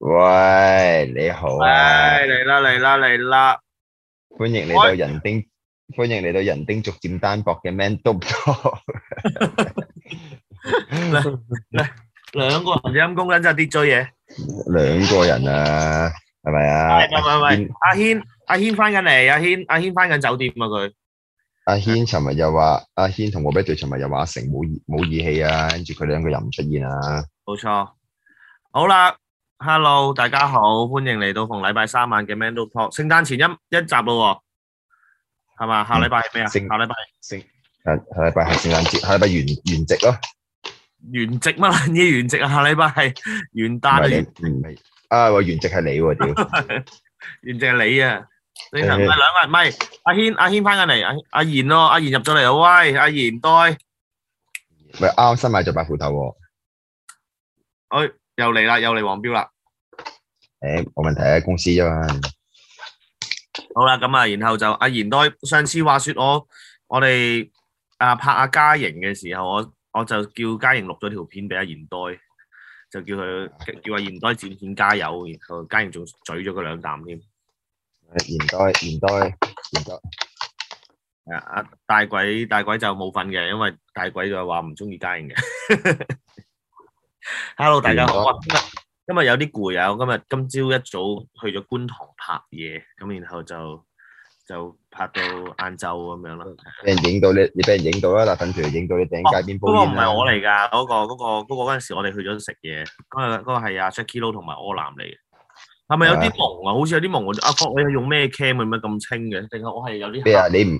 喂，你好啊！嚟啦嚟啦嚟啦！歡迎嚟到人丁，歡迎嚟到人丁逐漸單薄嘅 mando 唔錯。嚟嚟，兩個人陰公捻真係跌咗嘢。兩個人啊，係咪啊？喂喂喂，阿軒阿軒翻緊嚟，阿軒阿軒翻緊酒店啊佢。阿軒尋日又話，阿軒同我比對尋日又話阿成冇冇義氣啊，跟住佢兩個又唔出現啊。冇錯，好啦。Hello，大家好，歡迎嚟到逢禮拜三晚嘅《Man Talk》，聖誕前一一集咯，係嘛？下禮拜係咩啊？下禮拜下下禮拜係聖誕節，下禮拜元元夕咯。元夕乜嘢元夕啊？下禮拜係元旦啊？啊，話元夕係你喎屌！元夕係你啊！你唔係兩個人咪？阿軒阿軒翻緊嚟，阿阿賢咯，阿賢入咗嚟，喂！阿賢多，喂啱新買咗把斧頭，哎。又嚟啦，又嚟黃標啦。誒，冇問題啊，公司啫嘛。好啦，咁啊，然後就阿賢呆，上次話説我，我哋啊拍阿嘉瑩嘅時候，我我就叫嘉瑩錄咗條片俾阿賢呆，就叫佢、啊、叫阿賢呆剪片加油，然後嘉瑩仲嘴咗佢兩啖添。賢呆、啊，賢呆，賢呆。係啊，大鬼大鬼就冇份嘅，因為大鬼就話唔中意嘉瑩嘅。 hello，大家好啊！今日今日有啲攰啊，我今日今朝一早去咗觀塘拍嘢，咁然後就就拍到晏晝咁樣啦。俾人影到你，你俾人影到啦，嗱等住影到你頂街邊不過。嗰個唔係我嚟噶，嗰個嗰個嗰個嗰陣時我哋去咗食嘢，嗰個嗰個係阿 Jacky Lau 同埋柯南嚟。係咪有啲蒙啊？好似有啲蒙啊！阿科，你係用咩 cam 啊？點解咁清嘅？定係我係有啲咩啊？你唔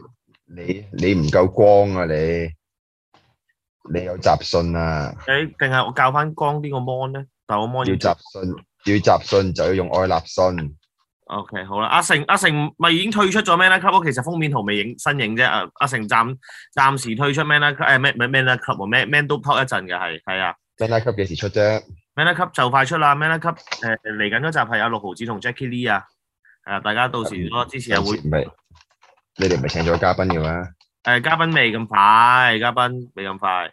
你你唔夠光啊你？你有集信啊？你定係我教翻光邊個 mon 咧？但我 mon 要集信，要集信就要用愛立信。O、okay, K，好啦，阿成阿成咪已經退出咗咩咧 club 其實封面圖未影身影啫。阿成暫暫時退出咩咧？誒咩咩咩咧？club 咩咩都拖一陣嘅係係啊。man 啦 club 幾時出啫？man 啦 club 就快出啦。man 啦 club 誒嚟緊嗰集係有六毫子同 Jackie Lee 啊。大家到時如果支持會，你哋唔係請咗嘉賓嘅咩？誒、啊，嘉賓未咁快，嘉賓未咁快。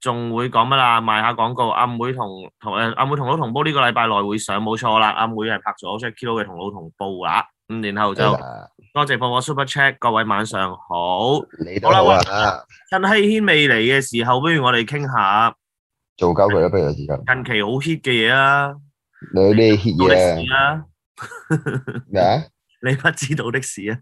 仲會講乜啦？賣下廣告，阿妹同同誒，阿妹同老同煲呢個禮拜內會上，冇錯啦。阿妹係拍咗出 Kilo 嘅同老同煲啊，咁然後就的多謝幫我 super check，各位晚上好。你好啦，趁陳希謙未嚟嘅時候，不如我哋傾下做交佢啦，不如而家近期好 hit 嘅嘢啊，你咩 hit 嘢啊，咩啊麼？ 你不知道的事啊！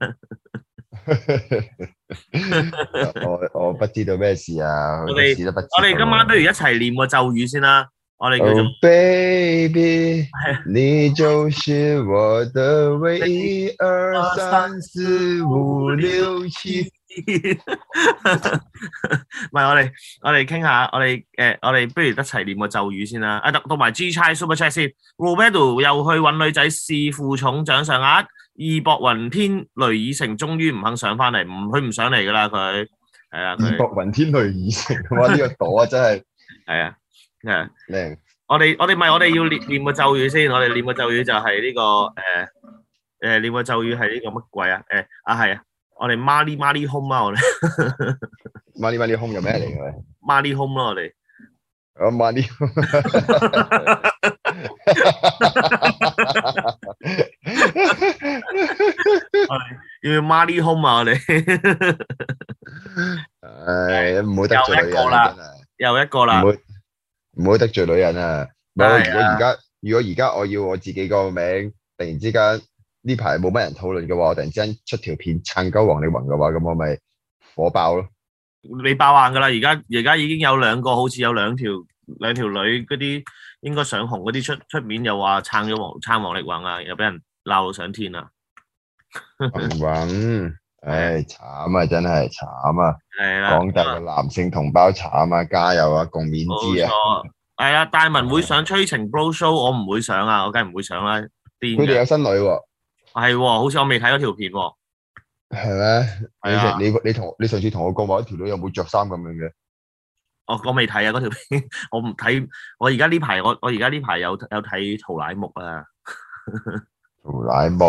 我我不知道咩事啊！我哋我哋今晚不如一齊念個咒語先啦。我哋叫做、oh, Baby， 你就是我的唯一。二 三四五六七。 唔係， 我哋我哋傾下，我哋誒、呃，我哋不如一齊念個咒語先啦。啊，讀讀埋 G Check Super Check 先。Roberto 又去搵女仔試負重掌上壓，義、啊、薄雲天雷已城終於唔肯上翻嚟。唔，佢唔上嚟噶啦，佢係啊，薄雲天雷已成。哇，呢 個朵 啊，真係係啊，啊、嗯、靚、我哋我哋唔係我哋要念念 個咒語先，我哋念個咒語就係呢、這個誒誒，念、呃、個咒語係呢個乜鬼啊？誒、呃、啊，係啊。我哋 money money home 咯，money money home 又咩嚟嘅咧？money home 咯，我哋哦，money，因為 money home 嘛咧，唉，唔好得罪女人啊！又一個啦，又一個啦，唔好唔好得罪女人啊！如果而家如果而家我要我自己個名，突然之間。呢排冇乜人討論嘅話，我突然之間出條片撐鳩王力宏嘅話，咁我咪火爆咯。你爆硬噶啦，而家而家已經有兩個，好似有兩條兩條女嗰啲應該上紅嗰啲出出面又話撐咗王撐王力宏啊，又俾人鬧到上天啊。宏 宏、嗯，唉、哎，慘啊，真係慘啊！係啊的，廣大嘅男性同胞慘啊，加油啊，共勉之啊。冇錯，係啊，大文會上催情 bro show，我唔會上啊，我梗係唔會上啦、啊。癲佢哋有新女係、哦，好似我未睇嗰條片喎、哦。係咩嗎、啊？你你我，同你上次同我講話，嗰條女有冇着衫咁樣嘅？我我未睇啊，嗰條片我唔睇。我而家呢排我我而家呢排有有睇《淘奶木》啊，《淘奶木》。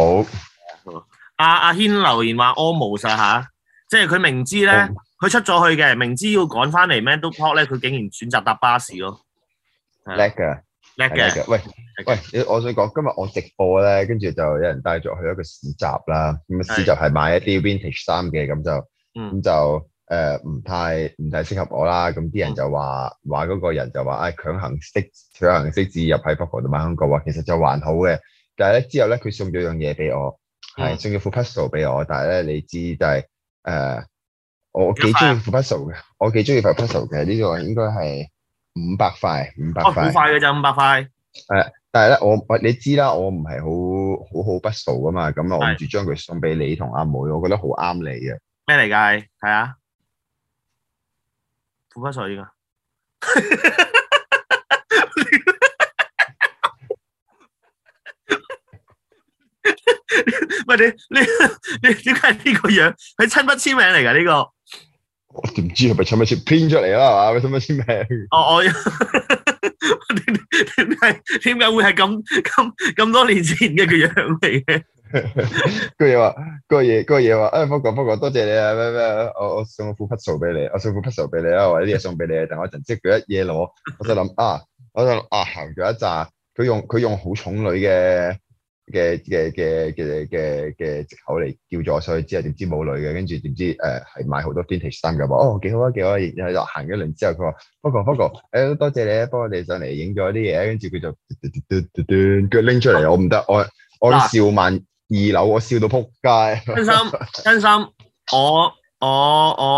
阿阿軒留言話我冇實吓，即係佢明知咧，佢、oh. 出咗去嘅，明知要趕翻嚟 Maduklock 咧，佢竟然選擇搭巴士咯。係、啊、噶。喂的喂，喂，喂，我想講今日我直播咧，跟住就有人帶咗我去一個市集啦。咁市集係買一啲 Vintage 衫嘅，咁的就咁、嗯、就誒唔、呃、太唔太適合我啦。咁啲人就話話嗰個人就話誒、哎、強行的強行的自入喺 Fossil 度買香港話，說其實就還好嘅。但係咧之後咧，佢送咗樣嘢俾我，係、嗯、送咗副 Puzzle 俾我。但係咧，你知就係、是、誒、呃，我幾中意副 Puzzle 嘅，我幾中意塊 Puzzle 嘅。呢、這個應該係。五百塊，五百塊，五百塊嘅就五百塊。係、哦啊，但係咧，我你知啦，我唔係好好好不熟噶嘛，咁啊是，我諗住將佢送俾你同阿妹，妹，我覺得好啱你啊。咩嚟噶？係 啊，好不熟依個。喂你你你點解係呢個樣，係親筆簽名嚟噶呢個。我點知係咪差唔多編出嚟啦？係咪差唔多簽名？我我點解點解會係咁咁咁多年前嘅個樣嚟嘅？個嘢話個嘢個嘢話，哎，福哥福哥，多謝你啊！咩咩，我我送副 passport 俾你，我送副 passport 俾你啦，或者啲嘢送俾你啊！等我一陣即佢一嘢攞，我就諗啊，我就啊行咗一扎，佢用佢用好重女嘅。嘅嘅嘅嘅嘅嘅藉口嚟叫咗，所以之後點知冇女嘅，跟住點知誒係買好多 Vintage 衫嘅，哦幾好啊幾好啊！喺度行咗一輪之後，佢話，Fogo Fogo，誒多謝你幫我哋上嚟影咗啲嘢，跟住佢就嘟嘟嘟嘟嘟，佢拎出嚟，我唔得，我我笑萬二樓，我笑到仆街。真心真心，我我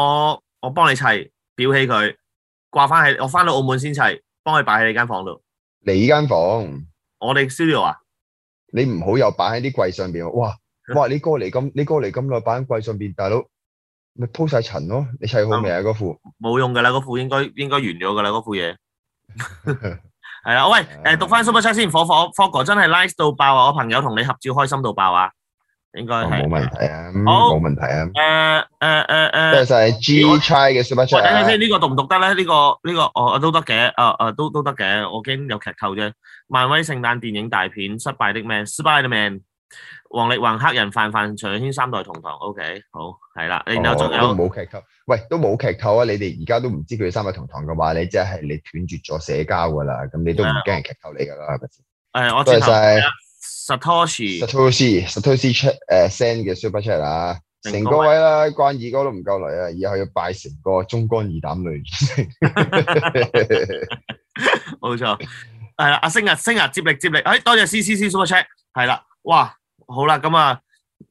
我我幫你砌，裱起佢，掛翻喺我翻到澳門先砌，幫佢擺喺你間房度。你間房？我哋 studio 啊？V o? 你唔好又擺喺啲櫃上邊，哇哇！你過嚟咁，你過嚟咁耐擺喺櫃上邊，大佬咪鋪晒塵咯，你砌好未啊？嗰副冇用噶啦，嗰副應該應該完咗噶啦，嗰副嘢係啦，喂，誒、嗯，讀返 Super Chat 先，火火火哥真係 nice、like、到爆啊！我朋友同你合照開心到爆啊！應該冇、哦、問題啊，冇問題啊，誒誒誒誒，多謝晒 G Try 嘅 Superman 喂，等等先，呢個讀唔讀得咧？呢個呢個，我、這個哦、都得嘅，啊、哦、啊，都都得嘅，我驚有劇透啫。漫威聖誕電影大片，失敗的 Man》。失敗的 man，王力宏黑人范范徐若瑄三代同堂，OK，好係啦，然後仲有、哦、都冇劇透，喂，都冇劇透啊！你哋而家都唔知佢哋三代同堂嘅話，你即係你斷絕咗社交噶啦，咁你都唔驚人劇透你噶啦，係咪先？誒、啊，我多謝晒。是 Satoshi，Satoshi，Satoshi 出誒 send 嘅 super chat 啊，成個位啦，位關二哥都唔夠嚟啊，以後要拜成個忠肝義膽女，冇錯，係啦，阿星啊，星啊，接力接力，哎，多謝 C C C super chat，係啦，哇，好啦，咁啊，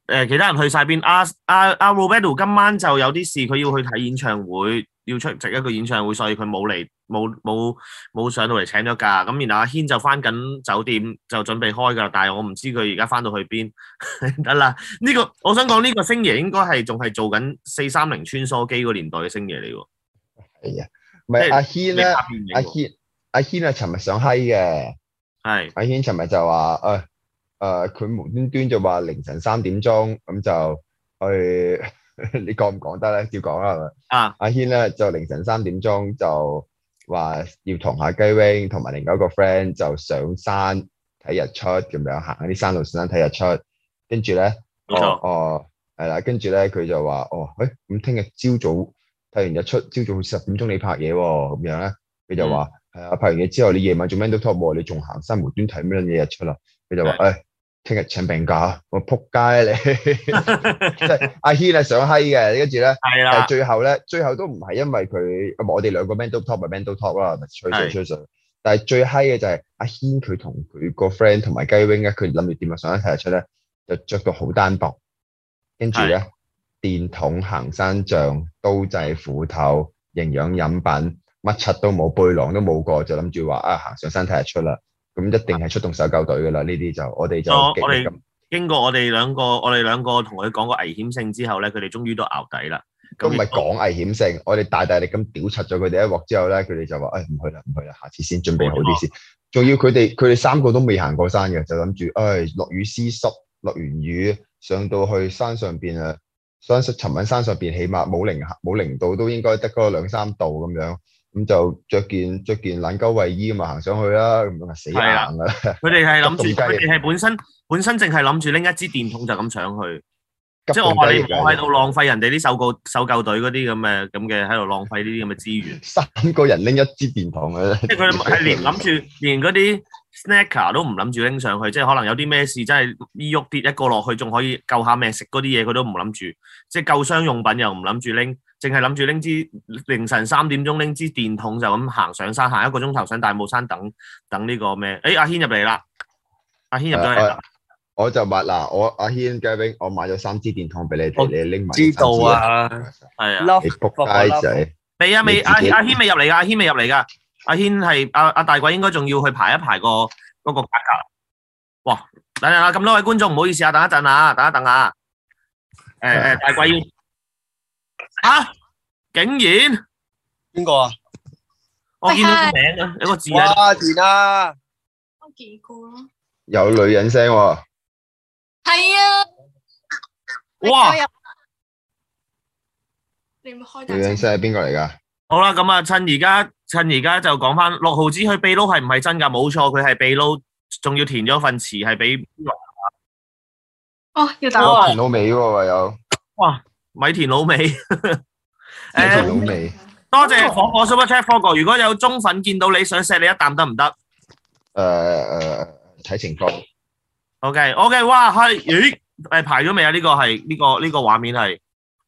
誒、呃，其他人去曬邊？阿、啊、阿阿、啊啊、Roberto 今晚就有啲事，佢要去睇演唱會，要出席一個演唱會，所以佢冇嚟。冇冇冇上到嚟請咗假，咁然後阿軒就翻緊酒店，就準備開噶啦。但係我唔知佢而家翻到去邊得啦。呢、 呢個我想講呢個星爺應該係仲係做緊四三零穿梭機嗰年代嘅星爺嚟喎。係啊，唔、就係、阿軒咧，阿軒的阿軒係尋日上閪嘅，係阿軒尋日就話誒誒，佢、呃、無端端就話凌晨三點鐘咁就去、呃，你講唔講得咧？照講啦，係咪啊？阿軒咧就凌晨三點鐘就。話要同下雞 wing 同埋另外一個 friend 就上山睇日出，咁樣行下啲山路上山睇日出，跟住咧，哦，係啦，跟住咧佢就話，哦，誒、欸，咁聽日朝早睇完日出，朝早十點鐘你拍嘢喎、哦，咁樣咧，佢就話，係、嗯、啊，拍完嘢之後你夜晚做 mental talk 喎，你仲行山無端睇咩嘢日出啊？佢就話，誒對。欸聽日請病假，我扑街啊你，即係阿軒係想閪嘅，跟住咧，係啦，但係最後咧，最後都唔係因為佢，我哋兩個 mental top 咪 mental top 啦，咪吹水吹水。但係最閪嘅就係阿軒佢同佢個 friend 同埋雞 wing 咧，佢諗住點啊上山睇日出咧，就着到好單薄，跟住咧電筒、行山杖、刀制斧頭、營養飲品，乜柒都冇，背囊都冇個，就諗住話啊行上山睇日出啦。咁一定係出動搜救隊嘅啦，呢啲就，嗯、我哋就我哋經過我哋兩個，我哋兩個同佢講過危險性之後咧，佢哋終於都咬底啦。咁唔係講危險性，我哋大大力咁屌柒咗佢哋一鑊之後咧，佢哋就話，誒、哎、唔去啦，唔去啦，下次先準備好啲先。仲要佢哋佢哋三個都未行過山嘅，就諗住，誒、哎、落雨絲濕，落完雨上到去山上邊啊，尋晚山上邊，起碼冇零冇零度都應該得嗰兩三度咁樣。咁就著件著件爛鳩衛衣咁啊行上去啦，咁樣啊死硬噶啦！佢哋係諗住，佢哋係本身本身淨係諗住拎一支電筒就咁上去，即係我話你，我喺度浪費人哋啲搜救搜救隊嗰啲咁嘅咁嘅喺度浪費呢啲咁嘅資源。三個人拎一支電筒嘅，即係佢係連諗住連嗰啲 snacker 都唔諗住拎上去，即係可能有啲咩事，真係衣喐跌一個落去仲可以救下咩食嗰啲嘢，佢都唔諗住，即係救傷用品又唔諗住拎。淨係諗住拎支凌晨三點鐘拎支電筒就咁行上山行一個鐘頭上大帽山等等呢個咩？誒、欸，阿軒入嚟啦，阿軒入咗嚟啦。我就問嗱，我阿軒我買咗三支電筒俾你哋，我你拎埋。知道啊，係支啊，你仆街仔，啊、你阿未阿阿軒未入嚟噶，阿軒未入嚟噶，阿軒係阿阿大鬼應該仲要去排一排、個嗰、嗰個價格。哇，等陣啊！咁多位觀眾唔好意思啊，等一陣啊，等一等啊。誒誒、 欸，大鬼要。 啊，竟然邊個啊？我見到的名字是是個名啊，有個字啊。哇！點啊？我見過咯。有女人聲喎、哦。係啊。哇！女人聲係邊個嚟噶？好啦，咁啊，趁而家，趁而家就講翻六號子，佢秘撈係唔係真噶？冇錯，佢係秘撈，仲要填咗份詞係俾。哦，要打。哇！填到尾喎，唯有。哇！米田老味，多謝火火 super chat 火哥，如果有忠粉見到你想錫你一啖得唔得？誒誒誒，睇情況。O K O K，哇，係咦，誒排咗未啊？呢個係呢個呢個畫面係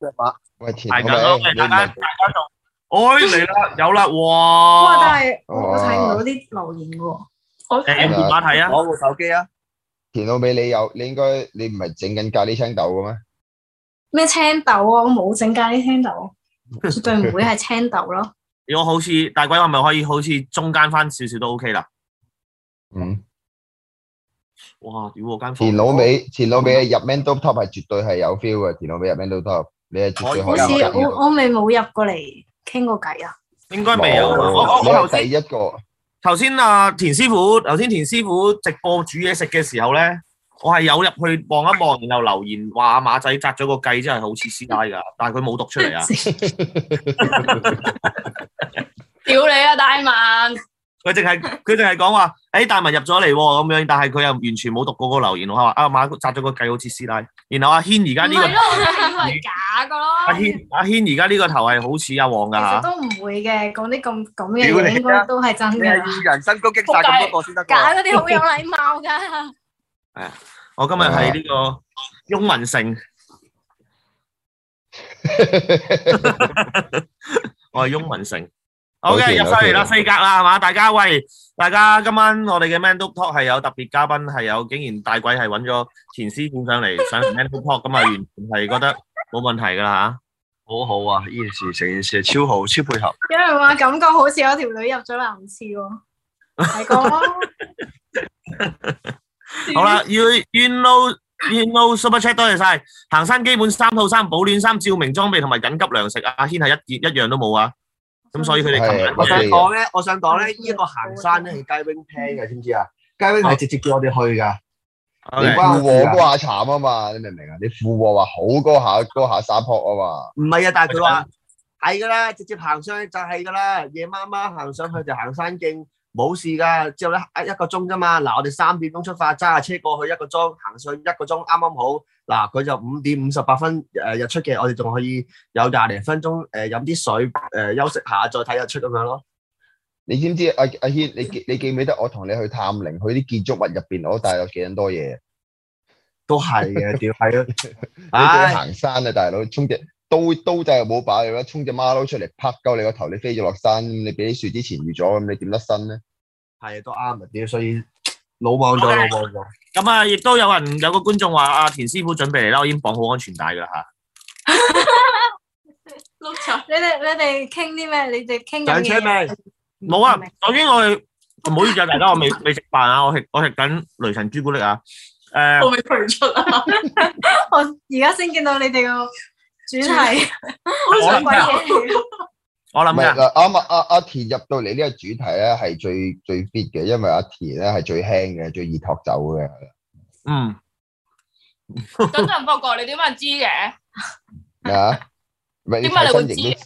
咩碼？米田老味，係咁，我哋大家大家就，哎嚟啦，有啦，哇！哇，但係我睇唔到啲留言噶喎。誒，用電話睇啊，攞部手機啊。田老味，你有？你應該你唔係整緊咖喱青豆嘅咩？咩青豆啊？我冇整加啲青豆，絕對唔會係青豆咯。如果好似大鬼，我咪可以好似中間翻少少都 OK 啦。嗯，哇！屌我間田老尾，田老尾入 man top 係絕對係有 feel 嘅。田老尾入 man top，你係絕對可以。好似我我未冇入過嚟傾過偈啊，應該未有啊。我我第一個，頭先啊田師傅，頭先田師傅直播煮嘢食嘅時候咧。我係有入去望一望，然後留言話阿馬仔紮咗個髻，真係好似師奶噶，但係佢冇讀出嚟啊！屌你啊，大文！佢淨係佢淨係講話，誒大文入咗嚟喎咁樣，但係佢又完全冇讀過嗰個留言，我佢話阿馬紮咗個髻好似師奶。然後阿軒而家呢個係軒假噶咯。阿、啊、軒阿軒而家呢個頭係好似阿黃噶嚇，都唔會嘅講啲咁咁嘅，樣啊、應該都係真嘅。人身攻擊曬咁解多個先得。假嗰啲好有禮貌噶。係啊！ 我今日係呢個翁文成，我係翁文成。Ok k 入晒嚟啦，四格啦，係嘛？大家喂，大家今晚我哋嘅 Man Talk 係有特別嘉賓，係有竟然大鬼係揾咗田思燕上嚟上 Man Talk 噶嘛？完全係覺得冇問題噶啦吓，好好啊！呢件事，成件事係超好，超配合。因為話感覺好似有條女入咗男廁喎，大 的 好啦，遠路遠路 super chat，多謝晒。行山基本三套衫、保暖衫、照明裝備同埋緊急糧食，阿軒係一件一樣都冇啊。咁所以佢哋，我想講咧，我想講咧，呢一個行山咧係雞 wing plan 嘅，知唔知啊？雞 wing 係直接叫我哋去噶。你副和臥哥啊慘啊嘛，你明唔明啊？你副和話好高下高下山坡啊嘛。唔係啊，但係佢話係噶啦，直接行上去就係噶啦，夜媽媽行上去就行山徑。冇事噶，之後咧一一個鐘啫嘛。嗱，我哋三點鐘出發，揸下車過去一個鐘，行上一個鐘，啱啱好。嗱，佢就五點五十八分誒日出嘅，我哋仲可以有廿零分鐘誒飲啲水，誒、呃、休息下，再睇日出咁樣咯。你知唔知阿阿軒，你你記唔記得我同你去探靈，去啲建築物入邊，我帶咗幾多嘢？都係嘅， 屌係咯，行山啊唉大佬，衝勁！刀刀就冇把嘅咯，衝隻馬騮出嚟，拍鳩你個頭，你飛咗落山，你俾啲樹枝纏住咗，咁你點甩身咧？係都啱嘅，所以老馬咗，老馬咗。咁啊 Okay.，亦都、嗯、有人有個觀眾話：阿田師傅準備嚟啦，我已經綁好安全帶㗎啦嚇。你哋你哋傾啲咩？你哋傾緊？踩車咩？冇啊，首先我唔 好意思，大家我未未食飯啊，我食我食緊雷神朱古力啊。誒，我未退出啊， 我而家先見到你哋。主題，我諗唔係嗱，啱阿阿阿田入到嚟呢個主題咧，係最最 fit 嘅，因為阿、啊、田咧係最輕嘅，最易托走嘅。嗯，真真唔發覺你，啊，你點樣知嘅？啊？唔，你睇身形都，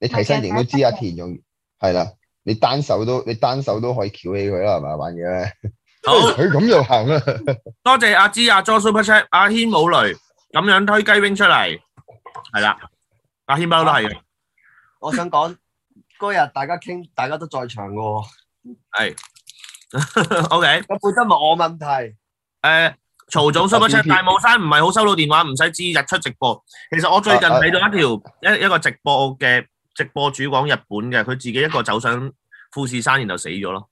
你睇身形都知阿田用，係啦，你單手都你單手都可以翹起佢啦，係咪玩嘢咧？佢咁好就行啦。 多謝阿芝、啊、阿 Jo、啊、Super Chat、阿軒武雷咁樣推雞 wing 出嚟。係啦，阿軒包都係嘅。我想講嗰日大家傾，大家都在場嘅。係，OK。個本身唔係我問題。誒，曹總，所以嗰出大帽山唔係好收到電話，唔使知日出直播。其實我最近睇到一條一一個直播嘅直播主講日本嘅，佢自己一個走上富士山，然後死咗咯。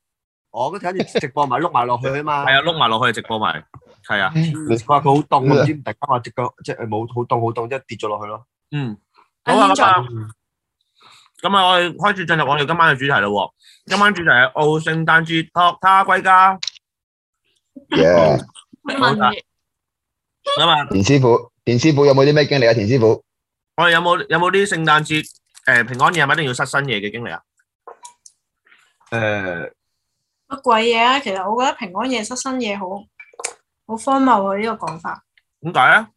哦，嗰睇住直播埋碌埋落去啊嘛。係啊，碌埋落去直播埋。係啊，話佢好凍，唔知唔定，話隻腳即係冇好凍，好凍，即係跌咗落去咯。嗯，好啊，咁啊，我哋開始進入我哋今晚嘅主題咯。今晚主題係澳聖誕節托他歸家。耶 Yeah,！平咁啊，田師傅，田師傅有冇啲咩經歷啊？田師傅，我哋有冇有冇啲聖誕節誒平安夜係咪一定要失身嘢嘅經歷啊？誒、呃，乜鬼嘢啊？其實我覺得平安夜失身嘢好。好荒謬、這個、啊！呢個講法，點解啊？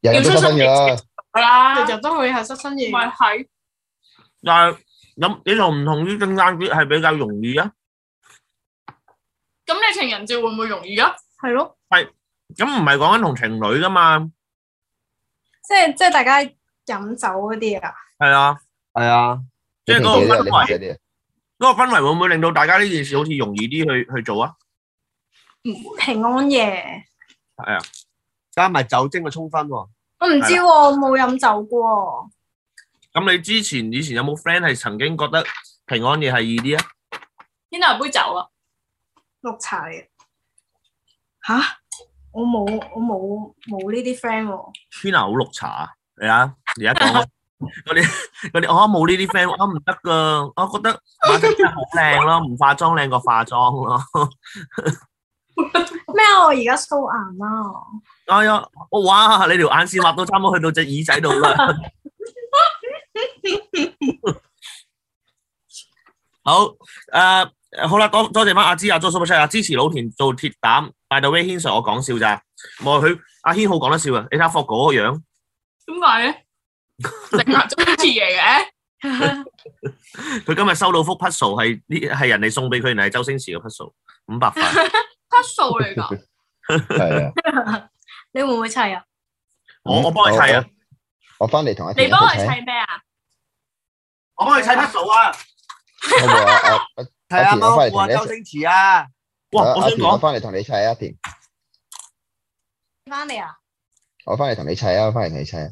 有、啊、失身嘢啦，日日都會係失身嘢。咪係，但咁你就唔同於更餐節，係比較容易啊。咁你情人節會唔會容易啊？係咯，係咁唔係講緊同情侶噶嘛？即係即係大家飲酒嗰啲啊？係啊係啊，即係嗰個氛圍，嗰個氛圍會唔會令到大家呢件事好似容易啲去去做啊？平安夜係啊，加埋酒精嘅衝分喎。我唔知喎，啊，我冇飲酒過喎，啊。咁你之前以前有冇 friend 係曾經覺得平安夜係易啲啊？天娜杯酒啊，綠茶嚟嘅吓，我冇我冇冇呢啲 friend 喎。天娜好綠茶啊，你，你 啊，而家講嗰啲嗰啲，我冇呢啲 friend，我唔得噶，我覺得 化妝好靚咯，唔化妝靚過化妝咯。咩啊！我而家素顏啦！哎呀，哇！你條眼線畫到差唔多去到隻耳仔度啦。好誒，好啦，多多謝翻阿芝啊，多謝晒阿支持老田做鐵膽。By the way，軒 Sir，我講笑咋？冇佢阿軒好講得笑噶，你睇下福嗰個樣，點解咧？食鴨中字嚟嘅。佢今日收到幅 puzzle 係呢，係人哋送俾佢，定係周星馳嘅 puzzle 五百塊。Puzzle 嚟噶，係啊，你會唔會砌啊？我我幫你砌啊！我翻嚟同一，你幫我砌咩啊？我幫你砌 Puzzle 啊！睇下周星馳啊！哇，我想講，翻嚟同你砌一掂！翻嚟啊！我翻嚟同你砌啊！翻嚟同你砌啊！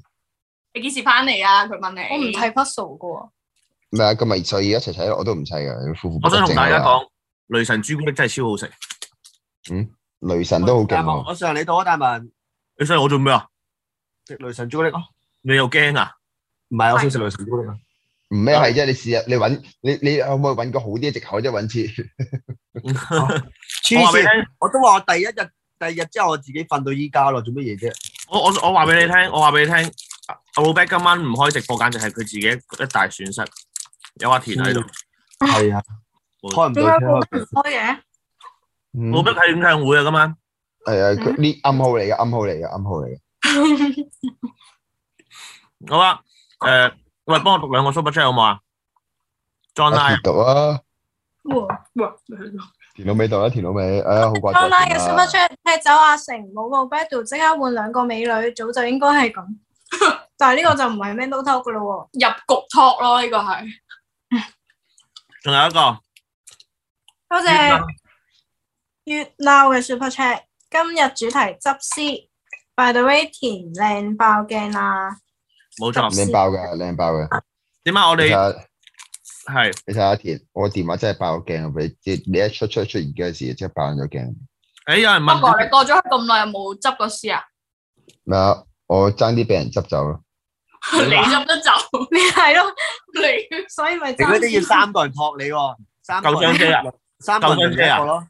你幾時翻嚟啊？佢問你。我唔砌 Puzzle 噶咩啊，唔係啊，今日一齊砌，我都唔砌噶，我想同大家講，雷神朱古力真係超好食！嗯，雷神都好勁喎。我上你度啊，大文。你上我做咩啊？食雷神朱古力咯。你又驚啊？唔係，我想食雷神朱古力。啊！唔咩係啫？你試下，你搵，你你可唔可以搵個好啲嘅藉口啫？搵錢。我話俾你聽，我都話我第一日、第二日之後，我自己瞓到依家咯，做乜嘢啫？我我我話俾你聽，我話俾你聽，老畢今晚唔開直播，簡直係佢自己一大損失。有話題喺度。係啊。開唔到。點解部機唔開嘅？我俾睇演唱會啊，今晚係啊，佢呢暗號嚟嘅，暗號嚟嘅，暗號嚟嘅。好啊，誒，喂，幫我讀兩個 Super Chat 好冇啊？莊拉度啊！哇哇，田老尾度啦，田老尾，哎呀，好掛住啦。莊拉嘅 Super Chat 踢走阿成，冇個 battle，即刻換兩個美女，早就應該係咁。但係呢個就唔係咩 note 嘅咯喎，入局 talk 咯呢個係。仲有一個，多謝。月鬧嘅 super chat，今日主題執絲。by the way，田靚爆鏡啦，冇錯，靚爆嘅，靚爆嘅。點解？我哋係你睇下田，我電話真係爆鏡啊！你你一出出出現嘅時，即係爆咗鏡。哎，有人問，不過你過咗咁耐有冇執過絲啊？咩啊？我爭啲俾人執走咯。你執得走，你係咯，你所以咪爭啲要三個人托你喎。三個人車啊，三個人車啊。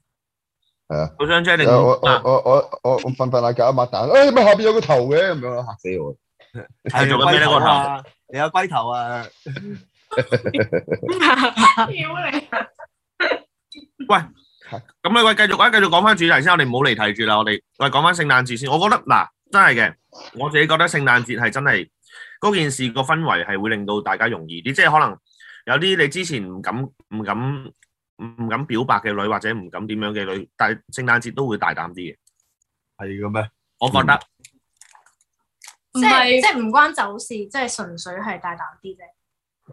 係啊，我想追你。我我我我我瞓瞓下覺，一擘大，誒、哎，咪下邊有個頭嘅，咁樣吓死我。係做緊咩咧？我頭、啊、你有龜頭啊。你！喂，咁你喂，繼續啊，繼續講翻主題先，我哋唔好離題住啦，我哋喂，講翻聖誕節先。我覺得嗱，真係嘅，我自己覺得聖誕節係真係嗰件事個氛圍係會令到大家容易啲，即係可能有啲你之前唔敢唔敢。唔敢表白嘅女或者唔敢點樣嘅女，但係聖誕節都會大膽啲嘅，係咁咩？我覺得即係即係唔關酒事，即係純粹係大膽啲啫。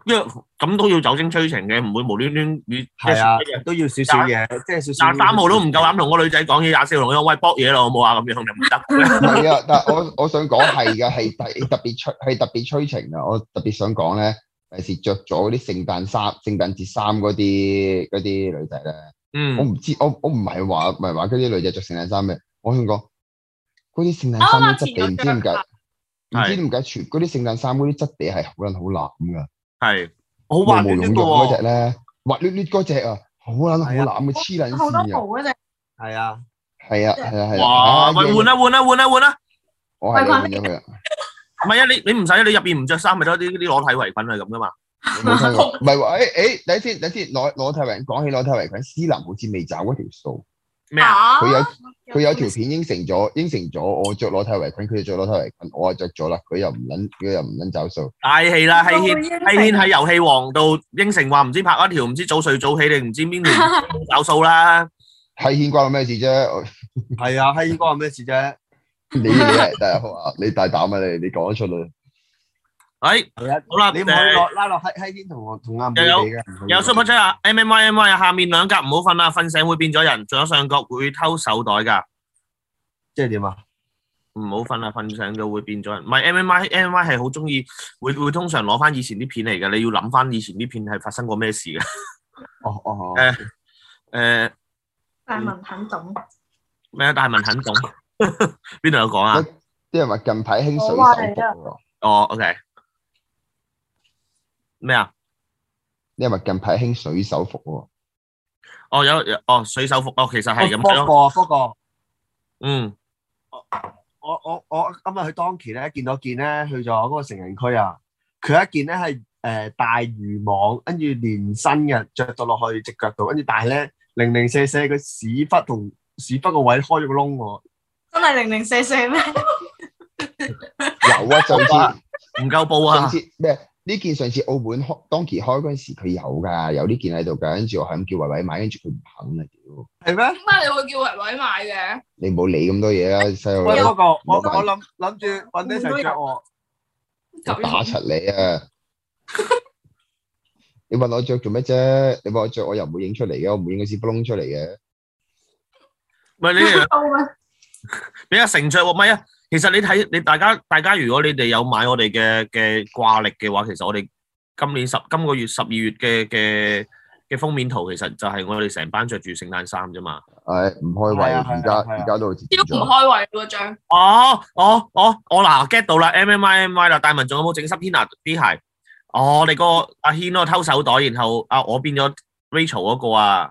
因為咁都要酒精催情嘅，唔會無端端你係啊，都要少少嘢，即係少少。廿三號都唔夠膽同個女仔講嘢，廿四號同個喂搏嘢咯，好冇啊？咁樣就唔得。係啊，但我我想講係噶，係特別是特別出，係特別催情啊，我特別想講咧。第時着咗嗰啲聖誕衫、聖誕節衫嗰啲嗰啲女仔咧，嗯，我唔知，我我唔係話唔係話嗰啲女仔着聖誕衫嘅，我想講嗰啲聖誕衫啲質地唔知點解，唔知點解全嗰啲聖誕衫嗰啲質地係好撚好冷噶，係，好滑滑捋捋嗰隻咧，滑捋捋嗰隻啊，好撚好冷嘅，黐撚線嘅，係啊，係啊，係啊，哇，咪換啦換啦換啦換啦，我係換咗佢啊。唔係啊！你你唔使，你入邊唔着衫咪多啲啲裸體圍裙係咁噶嘛？冇睇過唔係喎，哎哎，等先等先，裸裸體圍，講起裸體圍裙，思南好似未找嗰條數咩啊？佢有佢有條片應承咗，應承咗我着裸體圍裙，佢就着裸體圍裙，我啊着咗啦，佢又唔捻，佢又唔捻找數。大戲啦，希賢希賢喺遊戲王度應承話唔知拍一條，唔知早睡早起定唔知邊條找數啦。希賢關我咩事啫？係啊，希賢關我咩事啫？你你係真係啊！你大膽啊你，你講得出嚟！喂、哎，好啦，你可以落拉落黑天同我同阿美有新播出啊，M M Y M Y 啊，M M Y, M M Y，下面兩格唔好瞓啊，瞓醒會變咗人。仲有上角會偷手袋噶。即係點啊？唔好瞓啊，瞓醒嘅會變咗人。唔係 M M Y, M Y M Y 係好中意，會會通常攞翻以前啲片嚟噶。你要諗翻以前啲片係發生過咩事噶、哦。哦、呃、哦，誒誒，大文肯懂咩啊？大文肯懂。嗯 邊度有講啊？啲人話近排興水手服喎。哦，OK。咩啊？啲人話近排興水手服喎。哦，有哦，水手服哦，其實係咁樣。嗰個，嗰個。嗯。我我我今日去當期咧，見到件咧去咗嗰個成人區啊。佢一件咧係誒大漁網，跟住連身嘅着到落去隻腳度，跟住但係咧零零舍舍佢屎忽同屎忽個位開咗個窿喎。真係零零碎碎咩？有啊，上次唔夠布啊！上次咩？呢件上次澳門開當期開嗰陣時，佢有噶，有呢件喺度噶。跟住我係咁叫維維買，跟住佢唔肯啊！屌，係咩？點解你會叫維維買嘅？你冇理咁多嘢啦，細路哥，我我諗諗住問你着唔着我？我打柒你啊！你問我着做咩啫？你問我着，我又唔會影出嚟嘅，我唔會影個屎窟窿出嚟嘅。唔係你。比較成着喎，咪啊！其實你睇你大家大家，如果你哋有買我哋嘅嘅掛曆嘅話，其實我哋今年十今個月十二月嘅嘅嘅封面圖，其實就係我哋成班着住聖誕衫啫嘛。係唔開胃，而家而家都都唔開胃喎張。哦，我我我嗱 get 到啦，M M I M I 啦，大文仲有冇整濕天娜啲鞋？我哋個阿軒都偷手袋，然後阿我變咗 Rachel 嗰個啊。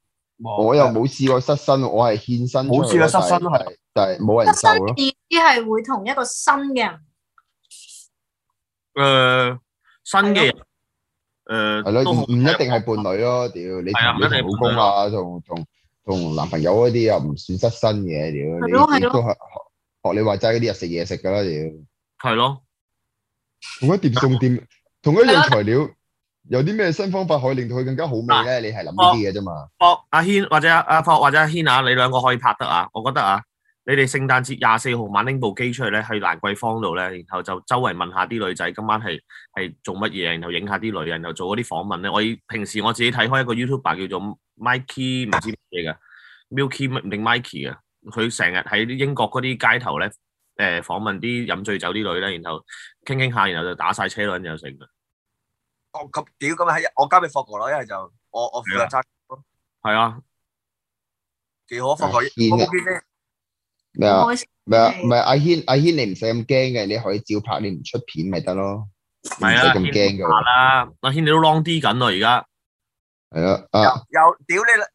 我又冇試過失身，我係獻身。冇試過失身係，但係冇人。失身意思係會同一個新嘅、呃、人。誒的，新嘅誒，係咯，唔一定係伴侶咯。屌，的你同你同老公啊，同同同男朋友嗰啲又唔算失身嘅。屌的，你都係學的你話齋嗰啲，又食嘢食㗎啦。屌，係咯。同一碟餸店的同一樣材料。有啲咩新方法可以令到佢更加好味咧？啊、你係諗呢啲嘅啫嘛。哦已，阿軒、啊、或者阿阿方或者阿軒啊，啊，你兩個可以拍得啊。我覺得啊，你哋聖誕節廿四號晚拎部機出去咧，喺蘭桂坊度咧，然後就周圍問下啲女仔今晚係係做乜嘢，然後影下啲女人，然後做嗰啲訪問咧。我以平時我自己睇開一個 YouTuber 叫做 Mikey，唔知乜嘢嘅 Milky 定 Mikey 啊。佢成日喺英國嗰啲街頭咧，誒、呃，訪問啲飲醉酒啲女咧，然後傾傾下，然後就打晒車輪就成哦，咁屌咁啊！我交俾霍哥咯，一係就我我負責揸咯。係啊，幾好霍哥，我冇驚咩？咩啊？咩啊？唔係阿軒，阿軒你唔使咁驚嘅，你可以照拍，你唔出片咪得咯。唔使咁驚嘅。阿軒，阿軒你都 long 啲緊啦而家。係啊。又又屌你啦！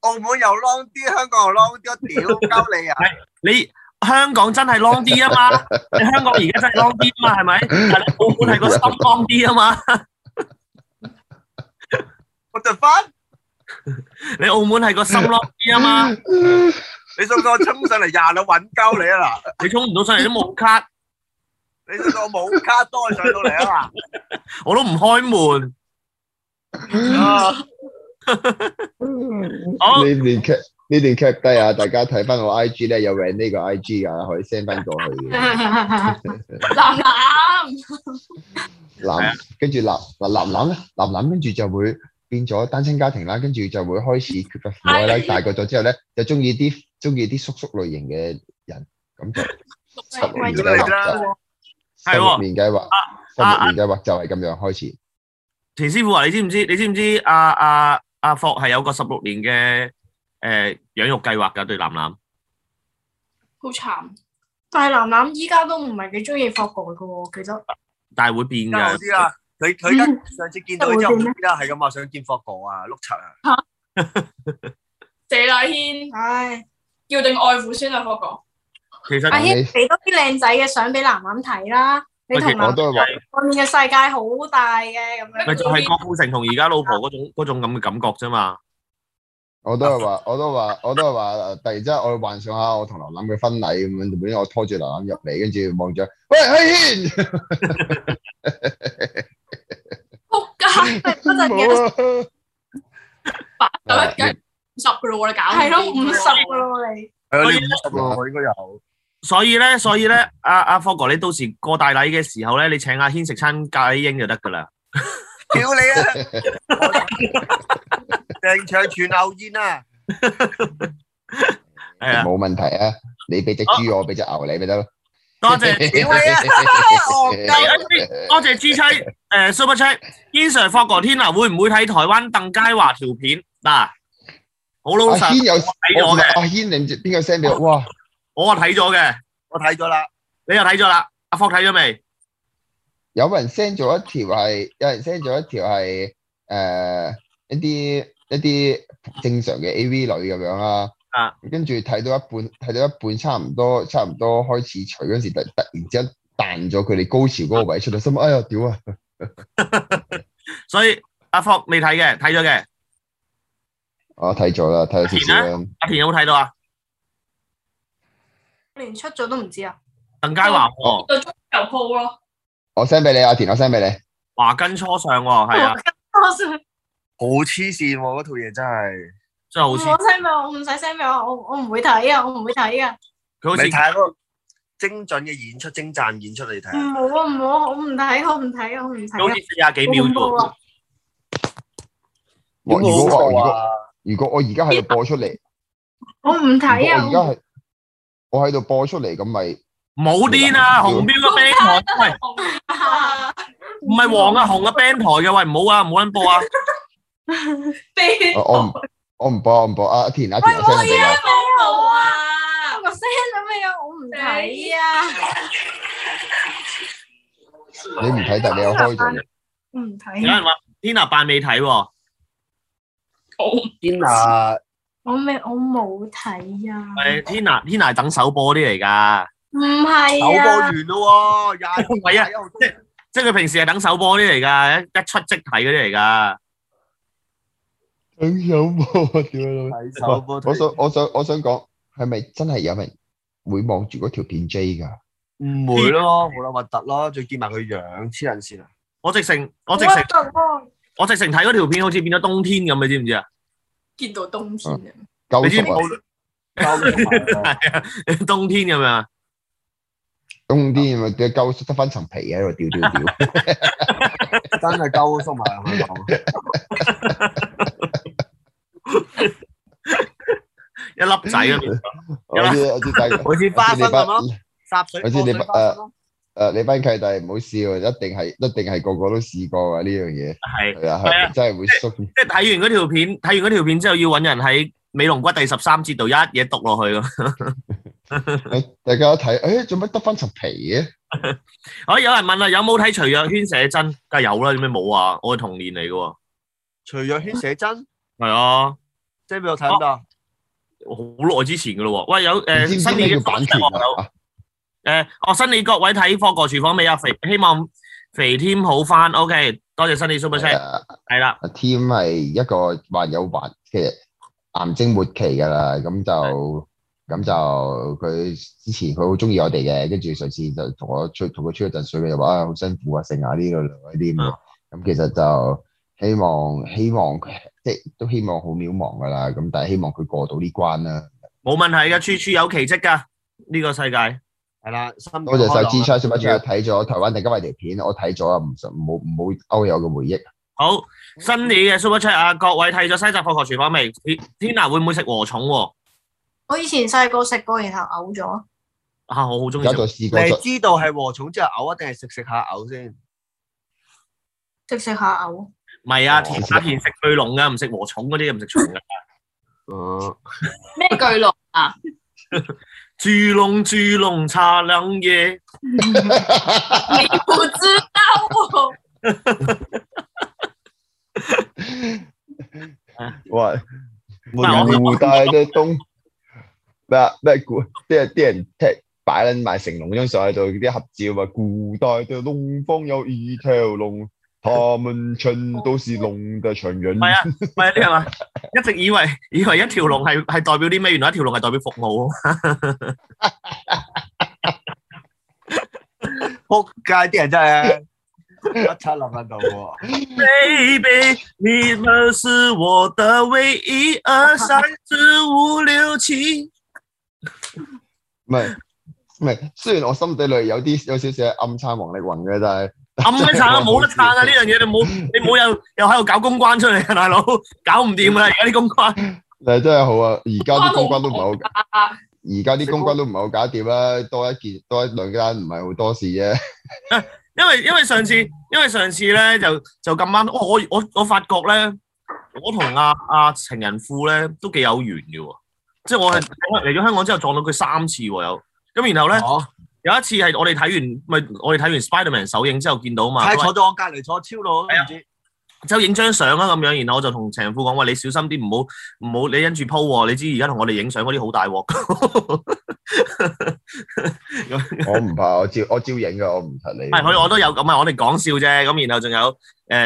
澳門又 long 啲，香港又 long 啲，我屌鳩你啊！你香港真係 long 啲啊嘛！你香港而家真係 long 啲啊嘛，係咪？但係澳門係個心 long 啲啊嘛。我就翻你澳門係個心粒啲啊嘛，你想我衝上嚟廿兩穩鳩你啊嗱，你衝唔到上嚟都冇卡，你想我冇卡多上到嚟啊嗱，我都唔開門啊，呢段 cap 呢段 cap 低啊，大家睇翻我 IG 咧有搵呢個 IG 啊，可以 send 翻過去嘅。林林，林跟住林林林林跟住就會。變咗單親家庭啦，跟住就會開始缺乏父愛啦。大個咗之後咧，就中意啲中意啲叔叔類型嘅人，咁就十六年計劃，係十六年計劃，十六年計劃就係咁樣開始。田、啊啊啊、師傅啊，你知唔知？你知唔知、啊？阿阿阿霍係有個十六年嘅誒養育計劃噶對楠楠，好慘。但係楠楠依家都唔係幾中意霍哥嘅喎，其實但係會變嘅。佢佢上次見到佢之後，依家係咁啊，想見霍哥啊，碌柒、嗯、影啊！ 謝麗軒，唉，叫定外父孫啊，霍哥。其實你阿軒俾多啲靚仔嘅相俾楠楠睇啦，你同我都係話外面嘅世界好大嘅咁樣。咪就係郭富城同而家老婆嗰種嗰種咁嘅、啊、感覺啫嘛。我都係話，我都話，我都係話，突然之間我幻想下我同劉楠嘅婚禮咁樣，我拖住劉楠入嚟，跟住望住，喂，軒 八十一、五十噶咯喎，你搞？係咯，五十噶咯你。係啊，五十咯，應該有。所以咧，所以咧，阿阿霍哥，你到時過大禮嘅時候咧，你請阿軒食餐咖喱英就得噶啦。屌你啊！定場全牛宴啊！係啊，冇問題啊，你俾隻豬我，俾隻牛你咪得咯。多謝。屌你啊！戇鳩，多謝知妻。.誒，show、uh, 不出，insur 放個天啊，會唔會睇台灣鄧佳華條片嗱？好老實，阿軒有睇咗嘅，阿軒定邊個 send 俾我？哇，我啊睇咗嘅，我睇咗啦，你又睇咗啦，阿霍睇咗未？有人 send 咗一條係，有人 send 咗一條係，誒，一啲一啲正常嘅 A V 女咁樣啦，啊，跟住睇到一半，睇到一半，差唔多，差唔多開始除嗰時，突突然之間彈咗佢哋高潮嗰個位出嚟，心諗哎呀，屌啊！ 所以阿福未睇嘅，睇咗嘅。我睇咗啦，睇咗少少。阿田有冇睇到啊？連出咗都唔知啊。鄧佳華哦，對足球鋪咯。我 send 俾你，阿田，我 send 俾你。華根初上喎、哦，係啊。華根初上，好黐線喎，嗰套嘢真係真係好黐。我 send 俾我，唔使 send 俾我，我我唔會睇啊，我唔會睇啊。佢好似，未睇過。精準嘅演出，精湛演出嚟睇。唔好啊，唔好啊，我唔睇，我唔睇，我唔睇。好似廿幾秒度。冇錯啊！如果我而家喺度播出嚟，我唔睇啊！我而家係我喺度播出嚟，咁咪冇癲啊！紅標嘅 band 台，喂，唔係黃啊紅啊 band 台嘅喂，唔好啊，唔好咁播啊！band 台我唔我唔播，唔播啊！阿田，阿田，阿田。做咩啊？我唔睇啊！你唔睇，但你有開咗。唔睇。有人話天娜扮未睇喎。我天娜，我咪我冇睇啊。係天娜，天娜等首播啲嚟噶。唔係啊。首播完啦，廿一號。係啊，即即佢平時係等首播啲嚟噶，一出即睇嗰啲嚟噶。等首播啊！點啊老？睇首播。我想，我想，我想講，係咪真係有明？會望住嗰條片 J 噶，唔會咯，好啦，核突咯，再見埋佢樣黐人線啊！我直成，我直成，我直成睇嗰條片，好似變咗冬天咁，你知唔知啊？見到冬天啊，夠冬天咁啊，冬天咪夠得返層皮喺度屌屌屌，吊吊吊 真係夠縮埋。 一粒仔啊！我知，我知，大個，好似花生咁咯，插水。我知你，誒，誒，你班契弟唔好笑，一定係，一定係個個都試過啊！呢樣嘢係，係啊，真係會縮。即係睇完嗰條片，睇完嗰條片之後，要搵人喺美龍骨第十三節度一嘢篤落去咯。大家一睇，誒，做乜得翻層皮嘅？我有人問啦，有冇睇徐若瑄寫真？梗係有啦，點解冇啊？我係童年嚟嘅喎。徐若瑄寫真係啊，即係俾我睇得。好耐之前噶啦，喂有誒，呃、知知新嘅各位有誒，哦，新嘅各位睇方過廚房未啊？肥希望肥添好翻，OK，多謝新嘅 superstar 係啦添係一個患有癌嘅癌症末期噶啦，咁就咁的就佢之前佢好中意我哋嘅，跟住上次就同我吹同佢吹一陣水嘅，又話好辛苦啊，剩下呢度嗰啲咁，咁、嗯、其實就希望希望即都希望好渺茫噶啦，咁但係希望佢過到呢關啦。冇問題噶，處處有奇迹噶，呢、這個世界係啦。多謝晒志超 super chief 睇咗台灣定金圍條片，我睇咗啊，唔好唔好勾起嘅回憶。好新年嘅 super chief、嗯、啊，各位睇咗西澤放鶴全房未？Tina 會唔會食禾蟲？我以前細個食過，然後嘔咗。啊，我好中意食你知道係禾蟲之後嘔啊，定係食食下嘔先？食食下嘔。唔係啊，田啊田食巨龍噶，唔食禾蟲嗰啲，唔食蟲噶。哦，咩巨龍啊？巨龍，巨龍，茶兩嘢。你唔知道我。喂，古代嘅東咩咩古啲啲人踢擺緊埋成龍張相喺度，啲合照話古代嘅東方有二條龍。他們全都是龍的傳人。唔係啊，唔係、啊、你人話，一直以為以為一條龍係係代表啲咩？原來一條龍係代表服務。撲街啲人真係一七六喺度。 Baby，你們是我的唯一，二三四五六七。唔係唔係，雖然我心底裏有啲有少少暗撐王力宏嘅，但係。冚都撐啊，冇得撐啊！呢樣嘢你冇，你冇又又喺度搞公關出嚟啊，大佬搞唔掂啦！而家啲公關，你真係好啊！而家啲公關都唔係好，而家啲公關都唔係好搞得掂啦，多一件多一兩間唔係好多事啫。啊，因為因為上次因為上次咧就就咁啱，我我我發覺咧，我同阿阿情人富咧都幾有緣嘅喎，即係我係嚟咗香港之後撞到佢三次喎，有咁然後咧。有一次係我哋睇完咪我哋睇完 Spiderman 首映之後見到嘛，坐咗我隔籬為坐超耐咯。哎、呀就影張相啦咁樣，然後我就同陳富講，話你小心啲唔好唔好你忍住 po，你知而家同我哋影相嗰啲好大鑊。 我唔怕，我照我照影嘅，我唔怕你。唔係佢我都有咁啊，我哋講笑啫。咁然後仲有